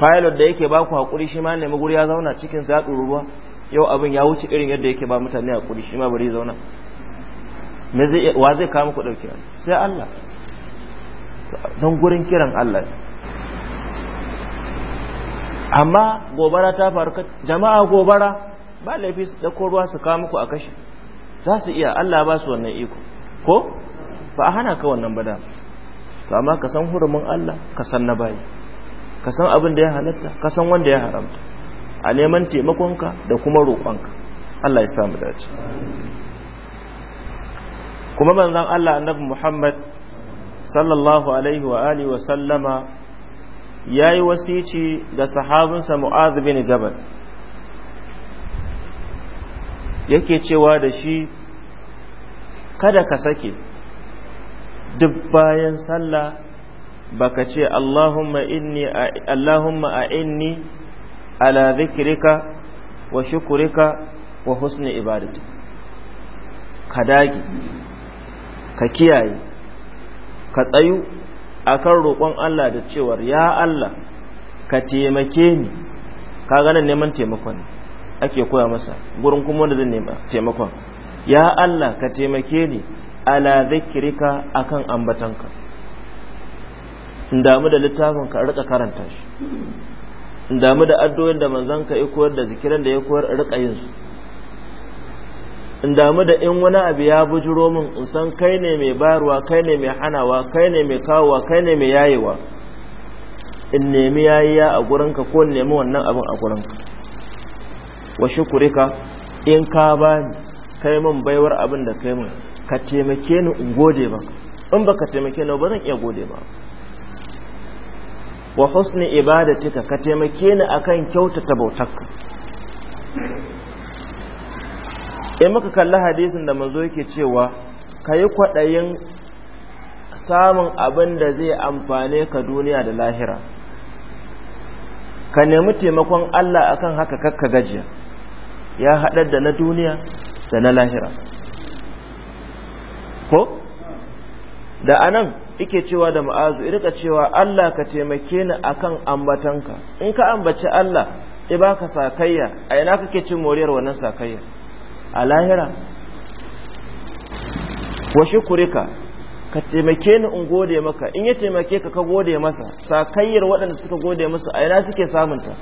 pilot da yake ba ku hakuri shi ma nemi guri ya zauna cikin sa ya ruwa yau abin ya wuce irin yadda yake ba mutane hakuri shi ma bari zauna me zai wa zai kawo muku dauki sai Allah don gurin kiran Allah amma gobara ta faru jama'a gobara ba laifi da ko ruwa su kawo muku a kashe za su iya Allah ba su wannan iko ko ba a hana ka wannan ba da to amma ka san hurumin Allah ka san na bayi ka san abin da ya halatta ka san wanda ya haramta a neman taimakonka da kuma roƙonka Allah ya samu dace kuma manzon Allah annabi Muhammad sallallahu alaihi wa alihi wa sallama yayi wasici ga sahabinsa Mu'adh bin Jabal yake cewa da shi kada ka sake duk bayan sallah baka ce Allahumma inni Allahumma a'inni ala zikirika wa shukrika wa husni ibadati ka dage ka kiyaye ka tsayu akan roƙon Allah da cewar ya Allah ka taimake ni ka ganin neman taimakon ake koya masa gurin kuma wanda zai nema taimakon ya Allah ka taimake ni ala dhikrika akan ambatanka in damu da littafin ka rika karanta shi in damu da addu'o'in da manzon ka ya koyar da zikiran da ya koyar rika yin su in damu da in wani abu ya bujuro min in san kai ne mai bayarwa kai ne mai hanawa kai ne mai kawowa kai ne mai yayewa in nemi yayiya a gurinka ko nemi wannan abin a gurinka wa shukurika in ka ba ni kai min baiwar abin da kai min ka taimake ni in gode ba in baka taimake ni ba zan iya gode ba wa husni ibadatika ka taimake ni akan kyautata bautarka in muka kalli hadisin da manzo yake cewa ka yi kwaɗayin samun abin da zai amfane ka duniya da lahira ka nemi taimakon Allah akan haka kakka gajiya ya haɗar da na duniya da na lahira ko da anan ike cewa da ma'azu irka cewa Allah ka taimake ni akan ambatanka in ka ambaci Allah sai baka sakayya a ina kake cin moriyar wannan sakayya a lahira wa shukurika ka taimake ni in gode maka in ya taimake ka ka gode masa sakayyar waɗanda suka gode masa a ina suke samunta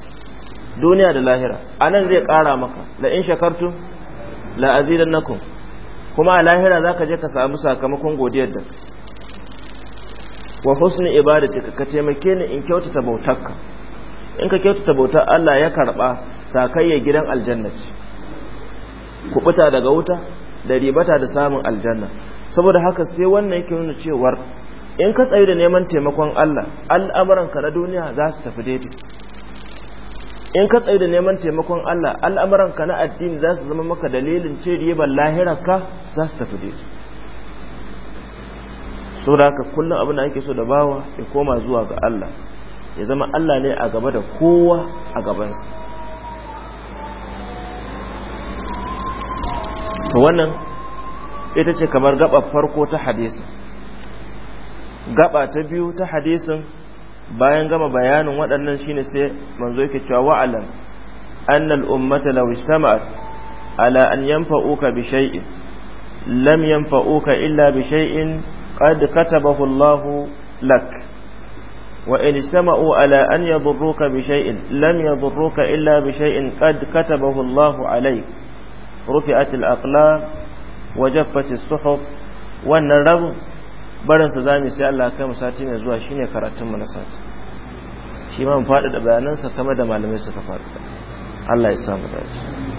duniya da lahira a nan zai ƙara maka la in shakartu la azidannakum kuma a lahira za ka je ka samu sakamakon godiyar da wa husni ibadatika ka taimake ni in kyautata bautarka in ka kyautata bautar Allah ya karba sakayya gidan aljanna ce kubuta daga wuta da ribata da samun aljanna saboda haka sai wannan yake nuna cewar in ka tsayu da neman taimakon Allah al'amuran ka na duniya za su tafi daidai in ka tsayu da neman taimakon Allah al'amuran ka na addini za su zama maka dalilin ce ribar lahirarka za su tafi daidai da haka kullum abin da ake so da bawa ya koma zuwa ga Allah ya zama Allah ne a gaba da kowa a gabansa to wannan ita ce kamar gaba farko ta hadisin gaba ta biyu ta hadisin bayan gama bayanin waɗannan shine sai manzo yake cewa wa'alam anna al-ummata law ijtama'at ala an yanfa'uka bi shay'in lam yanfa'uka illa bi shay'in qad katabahu Allah lak wa in istama'u ala an yadurruka bi shay'in lam illa bi shay'in qad katabahu Allah alayk rufi'at al-aqlam wa jaffat wannan rabu barinsa za mu sai Allah kai mu sati mai zuwa shine karatunmu na sati shi ma mu faɗaɗa bayanansa kama da malamai suka faɗaɗa Allah ya samu dace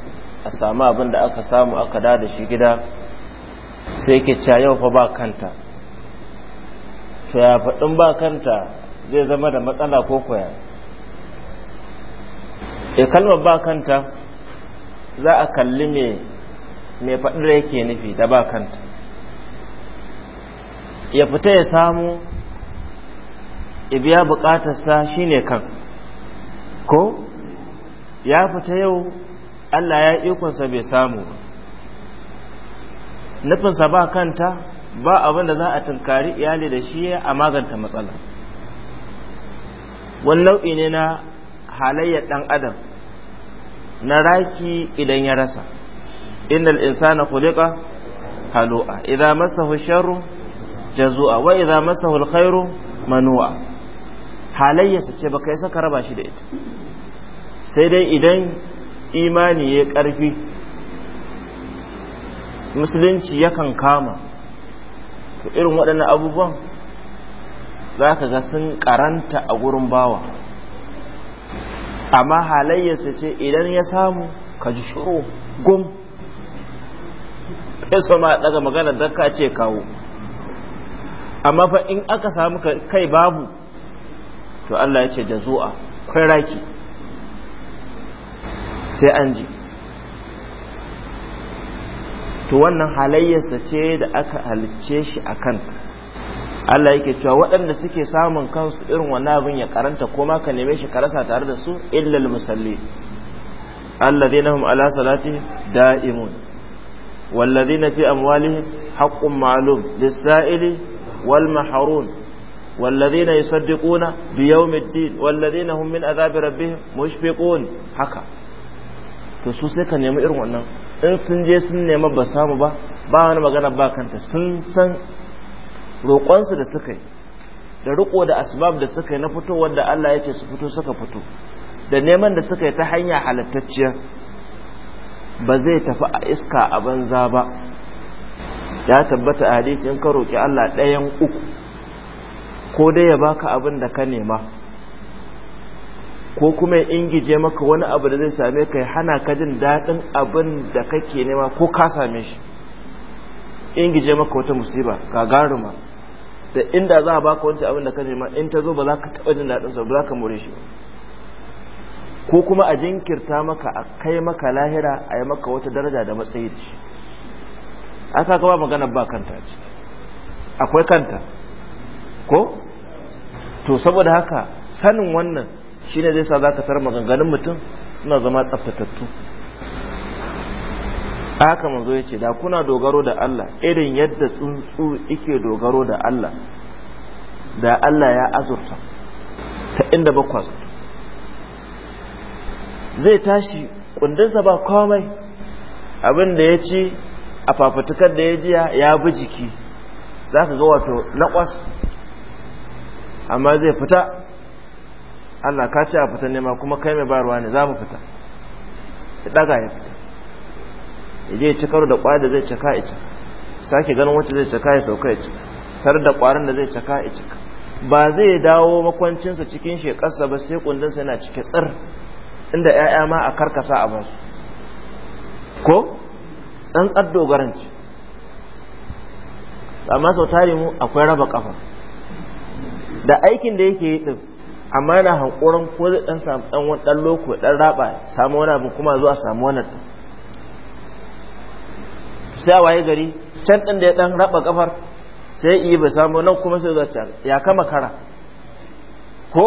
a sami abin da aka samu aka da da shi gida sai ke ca yau fa ba kanta to ya faɗin ba kanta zai zama da matsala ko koya e kalmar ba kanta za a kalli mai faɗin da yake nufi da ba kanta ya fita ya samu ibiya shi shine kan ko ya fita yau Allah ya ikonsa bai samu ba nufinsa ba kanta ba abin da za a tunkari iyali da shi a maganta matsala wani nau'i ne na halayyar ɗan adam na raki idan ya rasa innal insana khuliqa halu'a idan masahu sharru jazu'a wa idan masa alkhairu manu'a halayyarsa ce baka yi saka raba shi da ita sai dai idan imani ya ƙarfi musulunci yakan kama to irin waɗannan abubuwan za ka ga sun karanta a gurin bawa amma halayyarsa ce idan ya samu ka ji shuru gum ya ma daga magana da ka ce kawo amma fa in aka samu kai babu to Allah ya ce da zuwa kai raki sai an ji to wannan halayyarsa ce da aka halicce shi a kanta Allah yake cewa waɗanda suke samun kansu irin wannan abin ya karanta ko ma ka neme shi ka rasa tare da su illal musalli alladhina hum ala salati da'imun walladhina fi amwalihim haqqun ma'lum lis-sa'ili wal mahrum walladhina yusaddiquna bi yawmiddin walladhina hum min adhabi rabbihim mushfiqun haka to su sai ka nemi irin wannan in sun je sun nema ba samu ba ba wani magana ba kanta sun san roƙonsu da suka yi da riƙo da asbab da suka yi na fito wadda Allah ya ce su fito suka fito da neman da suka yi ta hanya halittacciya ba zai tafi a iska a banza ba ya tabbata a hadisi in ka roƙi Allah ɗayan uku ko dai ya baka abin da ka nema ko kuma in ingije maka wani abu da zai same ka hana ka jin daɗin abin da kake nema ko ka same shi ingije maka wata musiba gagaruma da inda za a baka wancan abin da ka nema in ta zo ba za ka taɓa jin daɗin sa ba za ka more shi ko kuma a jinkirta maka a kai maka lahira a yi maka wata daraja da matsayi da shi aka gaba magana ba kanta ce akwai kanta ko to saboda haka sanin wannan shi ne zai sa za ka tarar maganganun mutum suna zama tsaftatattu haka manzo ya ce da kuna dogaro da Allah irin yadda tsuntsu ike dogaro da Allah da Allah ya azurta ta inda ba zai tashi kundinsa ba komai abin da ya ci a fafatukar da ya jiya ya bi jiki za ka ga wato lakwas amma zai fita Allah ka ce a fita nema kuma kai mai bayarwa ne za mu fita ya daga ya fita ya je ya ci karo da kwari da zai caka ya cika sake ganin wacce zai caka ya sauka ya cika tare da kwarin da zai caka ya cika ba zai dawo makwancinsa cikin shekarsa ba sai kundinsa yana cike tsir inda 'ya'ya ma a karkasa a bansu ko tsantsar dogaranci amma sau tari mu akwai raba kafa da aikin da yake yi din amma yana hankoron ko zai dan samu dan wani dan loko dan raba samu wani abu kuma zuwa samu wani sai a waye gari can din da ya dan raba kafar sai yi ba samu nan kuma sai zuwa ya kama kara ko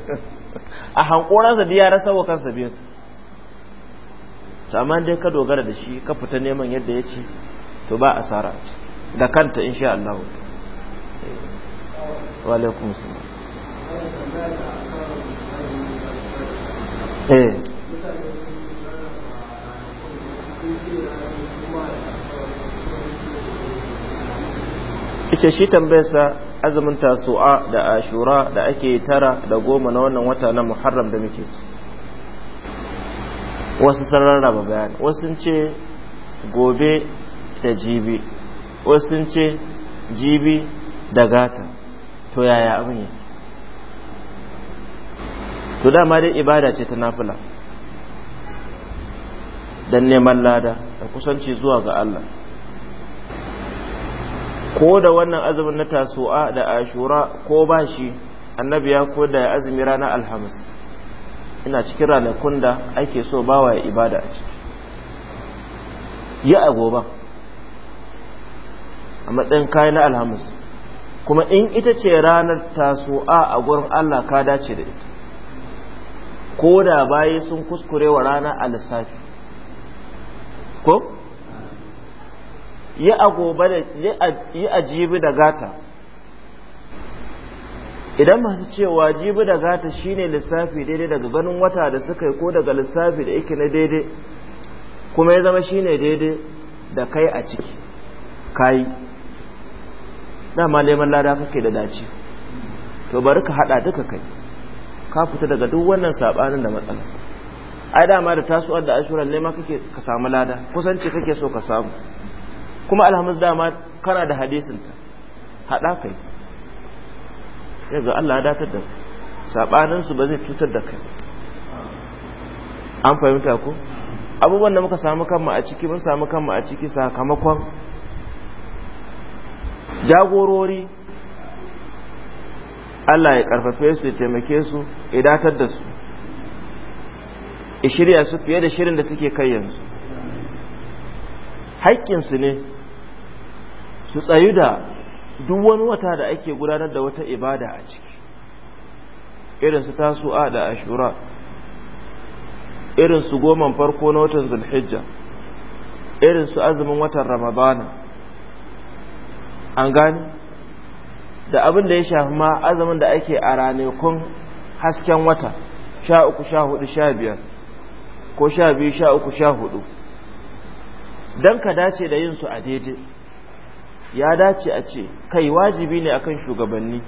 a hankoron sa biya rasa wa kansa biyu to amma dai ka dogara da shi ka fita neman yadda ya ce to ba asara da kanta insha Allah wa alaikum salam Eh. ita shi tambayarsa azumin tasu'a da ashura da ake tara da goma na wannan wata na muharram da muke ci wasu sun rarraba bayani wasu sun ce gobe da jibi wasu sun ce jibi da gata to yaya abin yake to dama dai ibada ce ta nafila don neman lada da kusanci zuwa ga Allah ko da wannan azumin na tasu'a da ashura ko ba shi annabi ya koda ya azumi ranar alhamis ina cikin ranakun da ake so ba wa ibada a ciki yi a a matsayin kayi na alhamis kuma in ita ce ranar tasu'a a gurin Allah ka dace da ita ko da bayi sun kuskure wa rana a lissafi ko yi a gobe da yi a jibi da gata idan masu cewa jibi da gata shine lissafi daidai daga ganin wata da suka yi ko daga lissafi da yake na daidai kuma ya zama shine daidai da kai a ciki kayi dama neman lada kake da dace to bari ka hada duka kai ka fita daga duk wannan sabanin da matsala ai dama da tasuwar da ashuran ne ma kake ka samu lada kusanci kake so ka samu kuma alhamis dama kana da hadisin ta hada kai sai ga Allah ya datar da ku sabanin su ba zai cutar da kai an fahimta ko abubuwan da muka samu kanmu a ciki mun samu kanmu a ciki sakamakon jagorori Allah ya karfafe su ya taimake su ya datar da su ya shirya su fiye da shirin da suke kai yanzu haƙƙinsu ne su tsayu da duk wani wata da ake gudanar da wata ibada a ciki irin su a da ashura irin su goman farko na watan zulhijja irin su azumin watan ramadana an gani da abin da ya shafi ma azumin da ake a ranakun hasken wata sha uku ko sha biyu sha uku don ka dace da yin su a daidai ya dace a ce kai wajibi ne akan shugabanni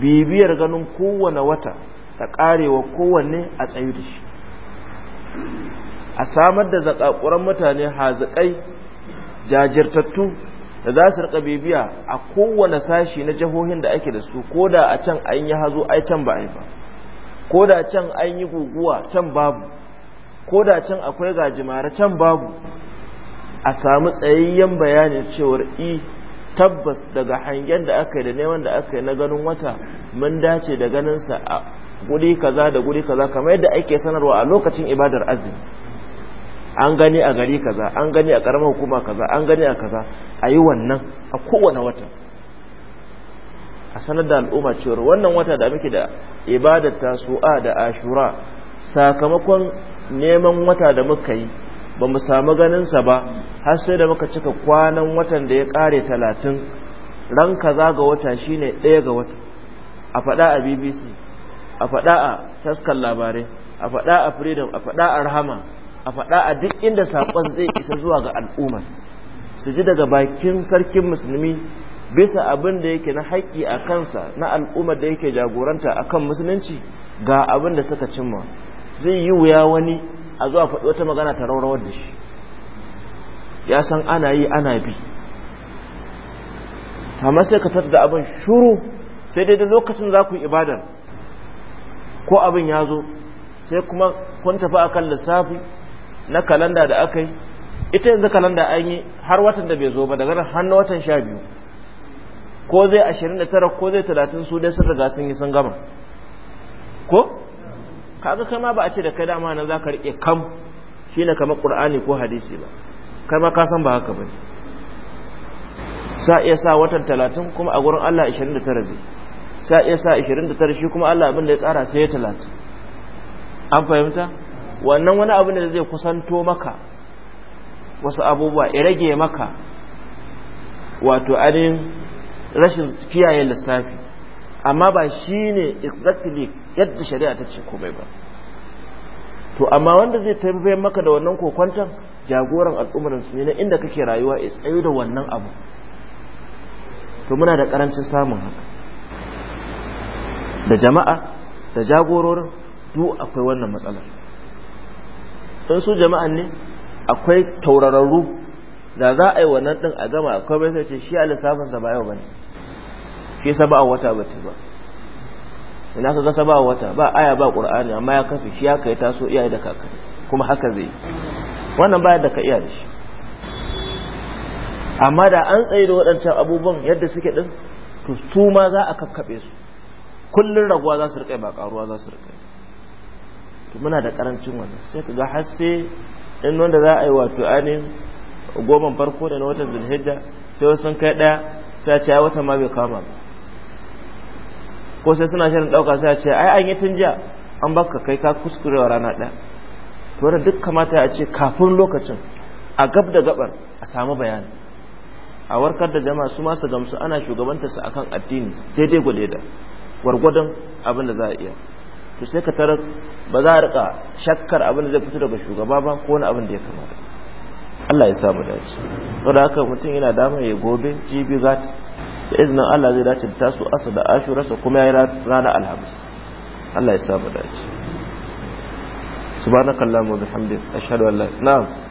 bibiyar ganin kowane wata ta karewa kowanne a tsayu da shi a samar da zakakuran mutane hazikai jajirtattu da za su rika bibiya a kowane sashi na jihohin da ake da su ko da a can an yi hazo ai can ba a yi ba ko da can an yi guguwa can babu ko da can akwai gajimare can babu a samu tsayayyen bayanin cewar i tabbas daga hangen da aka yi da neman da aka yi na ganin wata mun dace da ganinsa a guri kaza da guri kaza kamar yadda ake sanarwa a lokacin ibadar azumi an gani a gari kaza an gani a karamar hukuma kaza an gani a kaza a yi wannan a kowane wata a sanar da al'umma cewar wannan wata da muke da ibadar tasu'a da ashura sakamakon neman wata da muka yi ba mu samu ganinsa ba har sai da muka cika kwanan watan da ya kare talatin ran kaza ga wata shine ɗaya ga wata a faɗa a bbc a faɗa a taskar labarai a faɗa a freedom a faɗa a rahama a faɗa a duk inda saƙon zai isa zuwa ga al'umma su ji daga bakin sarkin musulmi bisa abin da yake na haƙƙi a kansa na al'ummar da yake jagoranta a kan musulunci ga abin da suka cimma zai yi wuya wani a zuwa faɗi wata magana ta raurawar da shi ya san ana yi ana bi amma sai ka da abin shuru sai dai da lokacin za ku yi ibadar ko abin ya zo sai kuma kun tafi a kan lissafi na kalanda da aka yi ita yanzu kalanda an yi har watan da bai zo ba daga hannu watan sha biyu ko zai ashirin da tara ko zai talatin su dai sun riga sun yi sun gama ko kaga kai ma ba a ce da kai dama nan za ka riƙe kam shi ne kamar qur'ani ko hadisi ba kai ma ka san ba haka bane sa iya sa watan talatin kuma a gurin allah ashirin da tara zai sa iya sa ashirin da tara shi kuma allah abin da ya tsara sai ya talatin an fahimta wannan wani abin da zai kusanto maka wasu abubuwa ya rage maka wato ainihin rashin kiyaye lissafi amma ba shi ne exactly yadda shari'a ta ce komai ba to amma wanda zai taimaka maka da wannan kokwanton jagoran al'ummar su ne na inda kake rayuwa ya tsayo da wannan abu to muna da karancin samun haka da jama'a da jagororin duk akwai wannan matsalar in su jama'an ne akwai taurararru da za a yi wannan din a gama akwai bai sai ce shi a sa ba yau bane shi sa ba wata ba ce ba ina ka gasa ba wata ba aya ba qur'ani amma ya kafi shi ya kai taso iyaye da kakan kuma haka zai wannan baya da ka iya da shi amma da an tsaye da waɗancan abubuwan yadda suke din to su ma za a kakkaɓe su kullun raguwa za su riƙa ba ƙaruwa za su riƙa to muna da ƙarancin wannan sai ka ga har sai in wanda za a yi wato ainihin goma farko da na watan zulhijja sai sun kai ɗaya sai a ce ai watan ma bai kama ba ko sai suna shirin ɗauka sai a ce ai an yi tun jiya an baka kai ka kuskurewa rana ɗaya to wannan duk kamata a ce kafin lokacin a gab da gabar a samu bayani a warkar da jama'a su masu gamsu ana shugabantarsa akan addini daidai da gwargwadon abin da za a iya to sai ka tarar ba za a rika shakkar abin da zai fito daga shugaba ba ko wani abin da ya kamata Allah ya sa mu dace da haka mutum yana damar ya gobe jibi ta da izinin Allah zai dace da tasu asa da ashura sa kuma yayi ranar alhamis Allah ya sa mu dace subhanakallahumma wa bihamdika ashhadu an la ilaha illa anta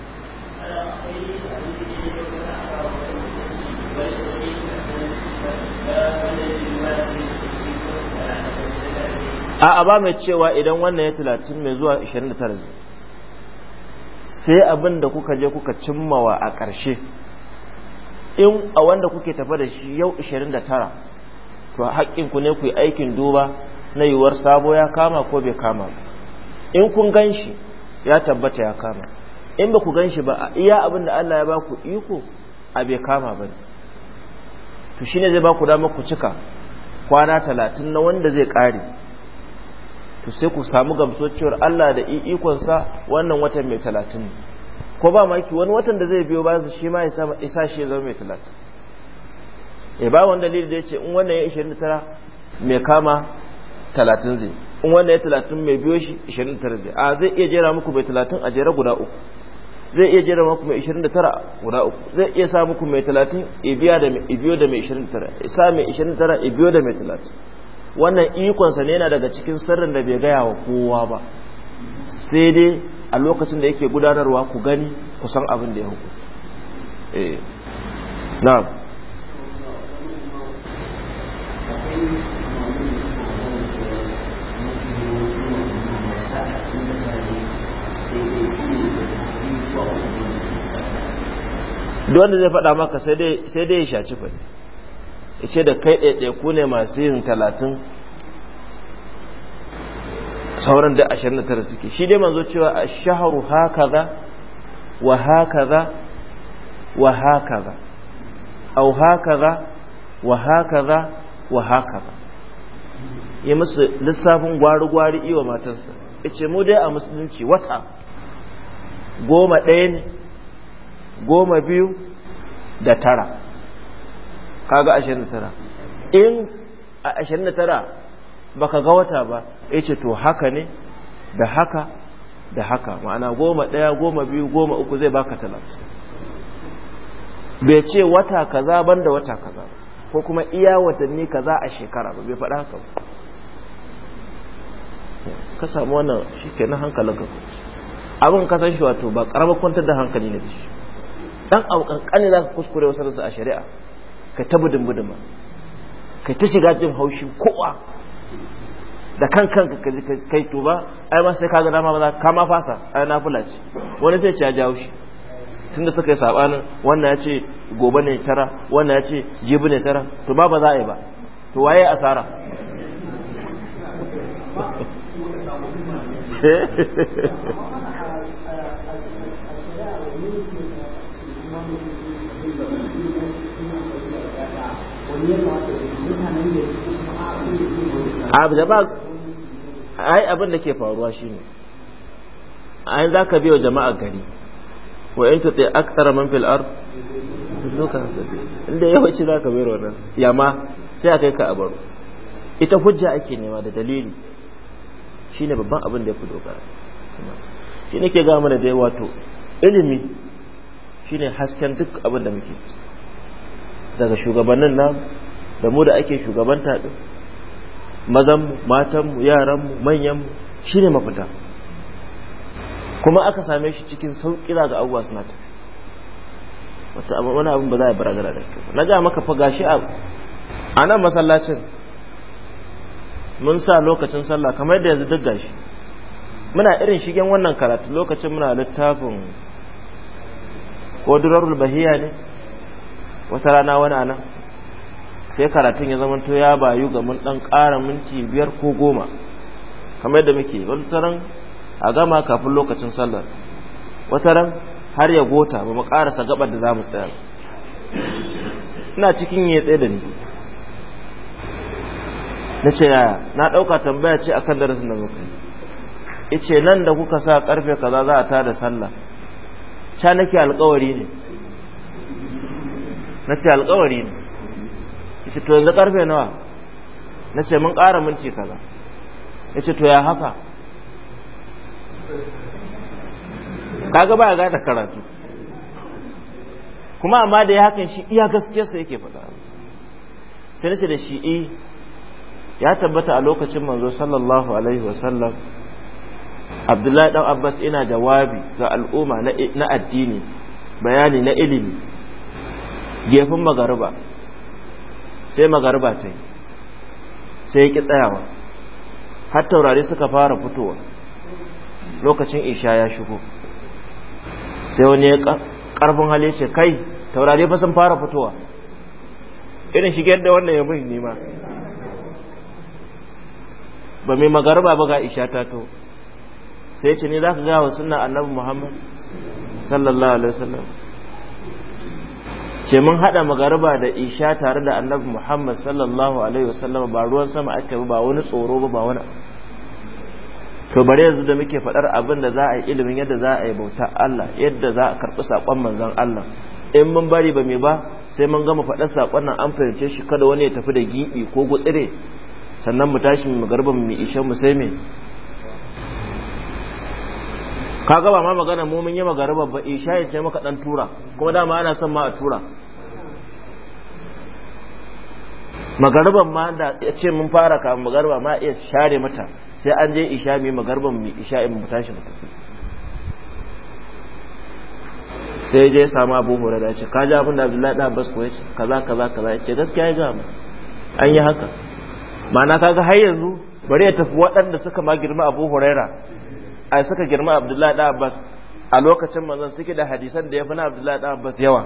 a ba mai cewa idan wannan ya talatin mai zuwa 29 sai abin da kuka je kuka cimmawa a ƙarshe in a wanda kuke tafa da shi yau 29 to haƙƙinku ne ku yi aikin duba na yiwuwar sabo ya kama ko bai kama ba in kun gan shi ya tabbata ya kama in ba ku gan shi ba a iya abin da Allah ya ba ku iko a bai kama ba to shi ne zai ba ku dama ku cika kwana talatin na wanda zai ƙare to sai ku samu gamsuwar cewar Allah da ikonsa wannan watan mai talatin ne ko ba maki wani watan da zai biyo ba su shi ma ya samu isa shi ya zama mai talatin ya ba wani dalili da ya ce in wannan ya ishirin da tara mai kama talatin zai in wannan ya talatin mai biyo shi ishirin da tara zai a zai iya jera muku mai talatin a jera guda uku zai iya jera muku mai 29 guda uku zai iya sa muku mai talatin ibiya da mai ibiyo da mai 29 isa mai 29 ibiyo da mai talatin. wannan ikonsa ne yana daga cikin sirrin da bai gaya wa kowa ba sai dai a lokacin da yake gudanarwa ku gani kusan san abin da ya hukunta eh zai faɗa maka sai dai ya shaci fadi ice da kai ku ne masu yin talatin sauran da ashirin da tara suke shi dai manzo cewa a shaharu haka za wa haka za wa haka za au haka za wa haka za wa haka za yi musu lissafin gwari-gwari iya matansa ice mu dai a musulunci wata goma ɗaya ne goma biyu da tara kaga ashirin da tara in a ashirin da tara baka ga wata ba yace to haka ne da haka da haka ma'ana goma ɗaya goma biyu goma uku zai baka talata bai ce wata kaza ban da wata kaza ko kuma iya watanni kaza a shekara ba bai faɗa haka ba ka samu wannan shi ke na hankalin ka abin ka san shi wato ba ƙaramar kwantar da hankali ne da shi dan abu kankani za ka kuskure wasu a shari'a Ka ta budin budin kai ta shiga jin haushin kowa da kan kanka kai to ba ai ma sai kaga dama ba za ka ma fasa ai na fula ce wani sai ya jawo shi tunda suka yi sabanin wannan ya ce gobe ne tara wannan ya ce jibi ne tara to ba ba za a yi ba to waye asara abu da ba ai abin da ke faruwa shine ai za ka biyo jama'a gari wa in tuti aktsara man fil ard duka sabi inda yawanci za ka biyo wannan yama sai a kai ka abaru ita hujja ake nema da dalili shine babban abin da ya fi dogara shi ke ga mana da wato ilimi shine hasken duk abin da muke daga shugabannin nan da mu da ake shugabanta din mazanmu matanmu yaranmu manyanmu shi shine mafita kuma aka same shi cikin sauƙi daga abubuwa suna ta wani abin ba za a bar gara da kai na ga maka fa gashi a a nan masallacin mun sa lokacin sallah kamar yadda yanzu duk gashi muna irin shigen wannan karatu lokacin muna littafin ƙodurarul bahiya ne wata rana wani anan sai karatun ya zamanto ya bayu ga mun dan ƙara minti biyar ko goma kamar yadda muke wani taron a gama kafin lokacin sallar wata ran har ya gota ba mu karasa gabar da zamu tsaya ina cikin ya tsaye da ni na ce yaya na ɗauka tambaya ce akan darasin da muka yi ice nan da kuka sa karfe kaza za a tada sallah ca nake alkawari ne na ce alkawari ne ya ce to yanzu karfe nawa na ce mun mun minti kaza ya ce to ya haka kaga ba ga da karatu kuma amma da ya hakan shi iya gaskiyarsa yake faɗa sai nace da shi'i eh, ya tabbata a lokacin manzo sallallahu alaihi wasallam abdullahi dan abbas ina jawabi ga al'umma na addini bayani na ilimi gefin magariba sai magariba ta yi sai ya ƙi tsayawa har taurari suka fara fitowa lokacin isha ya shigo sai wani ya ƙarfin hali ce kai taurari fa sun fara fitowa irin shigar da wannan yabin nema ba mai magariba ba ga isha ta to sai ce ne za ka gawa suna annabi muhammad sallallahu alaihi wasallam ce mun hada magariba da isha tare da annabi Muhammad sallallahu alaihi wasallam ba ruwan sama ake ba wani tsoro ba ba wani to bare yanzu da muke faɗar abin da za a yi ilimin yadda za a yi bauta Allah yadda za a karbi sakon manzon Allah in mun bari ba mai ba sai mun gama faɗar sakon nan an fahimce shi kada wani ya tafi da gibi ko gutsire sannan mu tashi mu garba mu isha mu sai me kaga ba ma magana mu mun yi magana ba isha ce maka dan tura kuma dama ana son ma a tura magarban ma da ya ce mun fara kafin magarba ma iya share mata sai an je isha mai magarban mai isha in mu tashi mu tafi sai je samu abu hore da ce ka ji abin da abdullahi da abbas ko ya kaza kaza kaza ya ce gaskiya ya ga an yi haka ma'ana ga har yanzu bari ya tafi waɗanda suka ma girma abu huraira a suka girma abdullahi da abbas a lokacin manzon suke da hadisan da ya fi na abdullahi da abbas yawa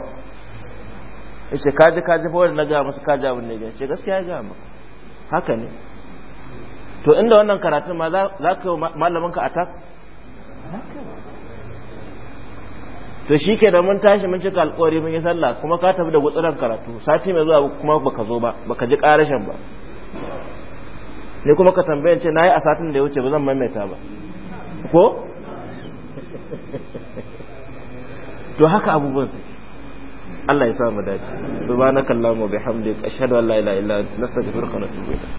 ya ce kaji kaji fa wanda na ga masu kaji abin da ya ce gaskiya ya gama haka ne to inda wannan karatun ma za ka yi malamin ka ta? to shi ke da mun tashi mun cika alkawari mun yi sallah kuma ka tafi da gutsuran karatu sati mai zuwa kuma baka zo ba baka ji karashin ba ne kuma ka tambayance na yi a satin da ya wuce ba zan maimaita ba ko to haka abubuwan su Allah ya sa mu dace subhanakallahumma bihamdika ashhadu an la ilaha illa anta astaghfiruka wa atubu ilayk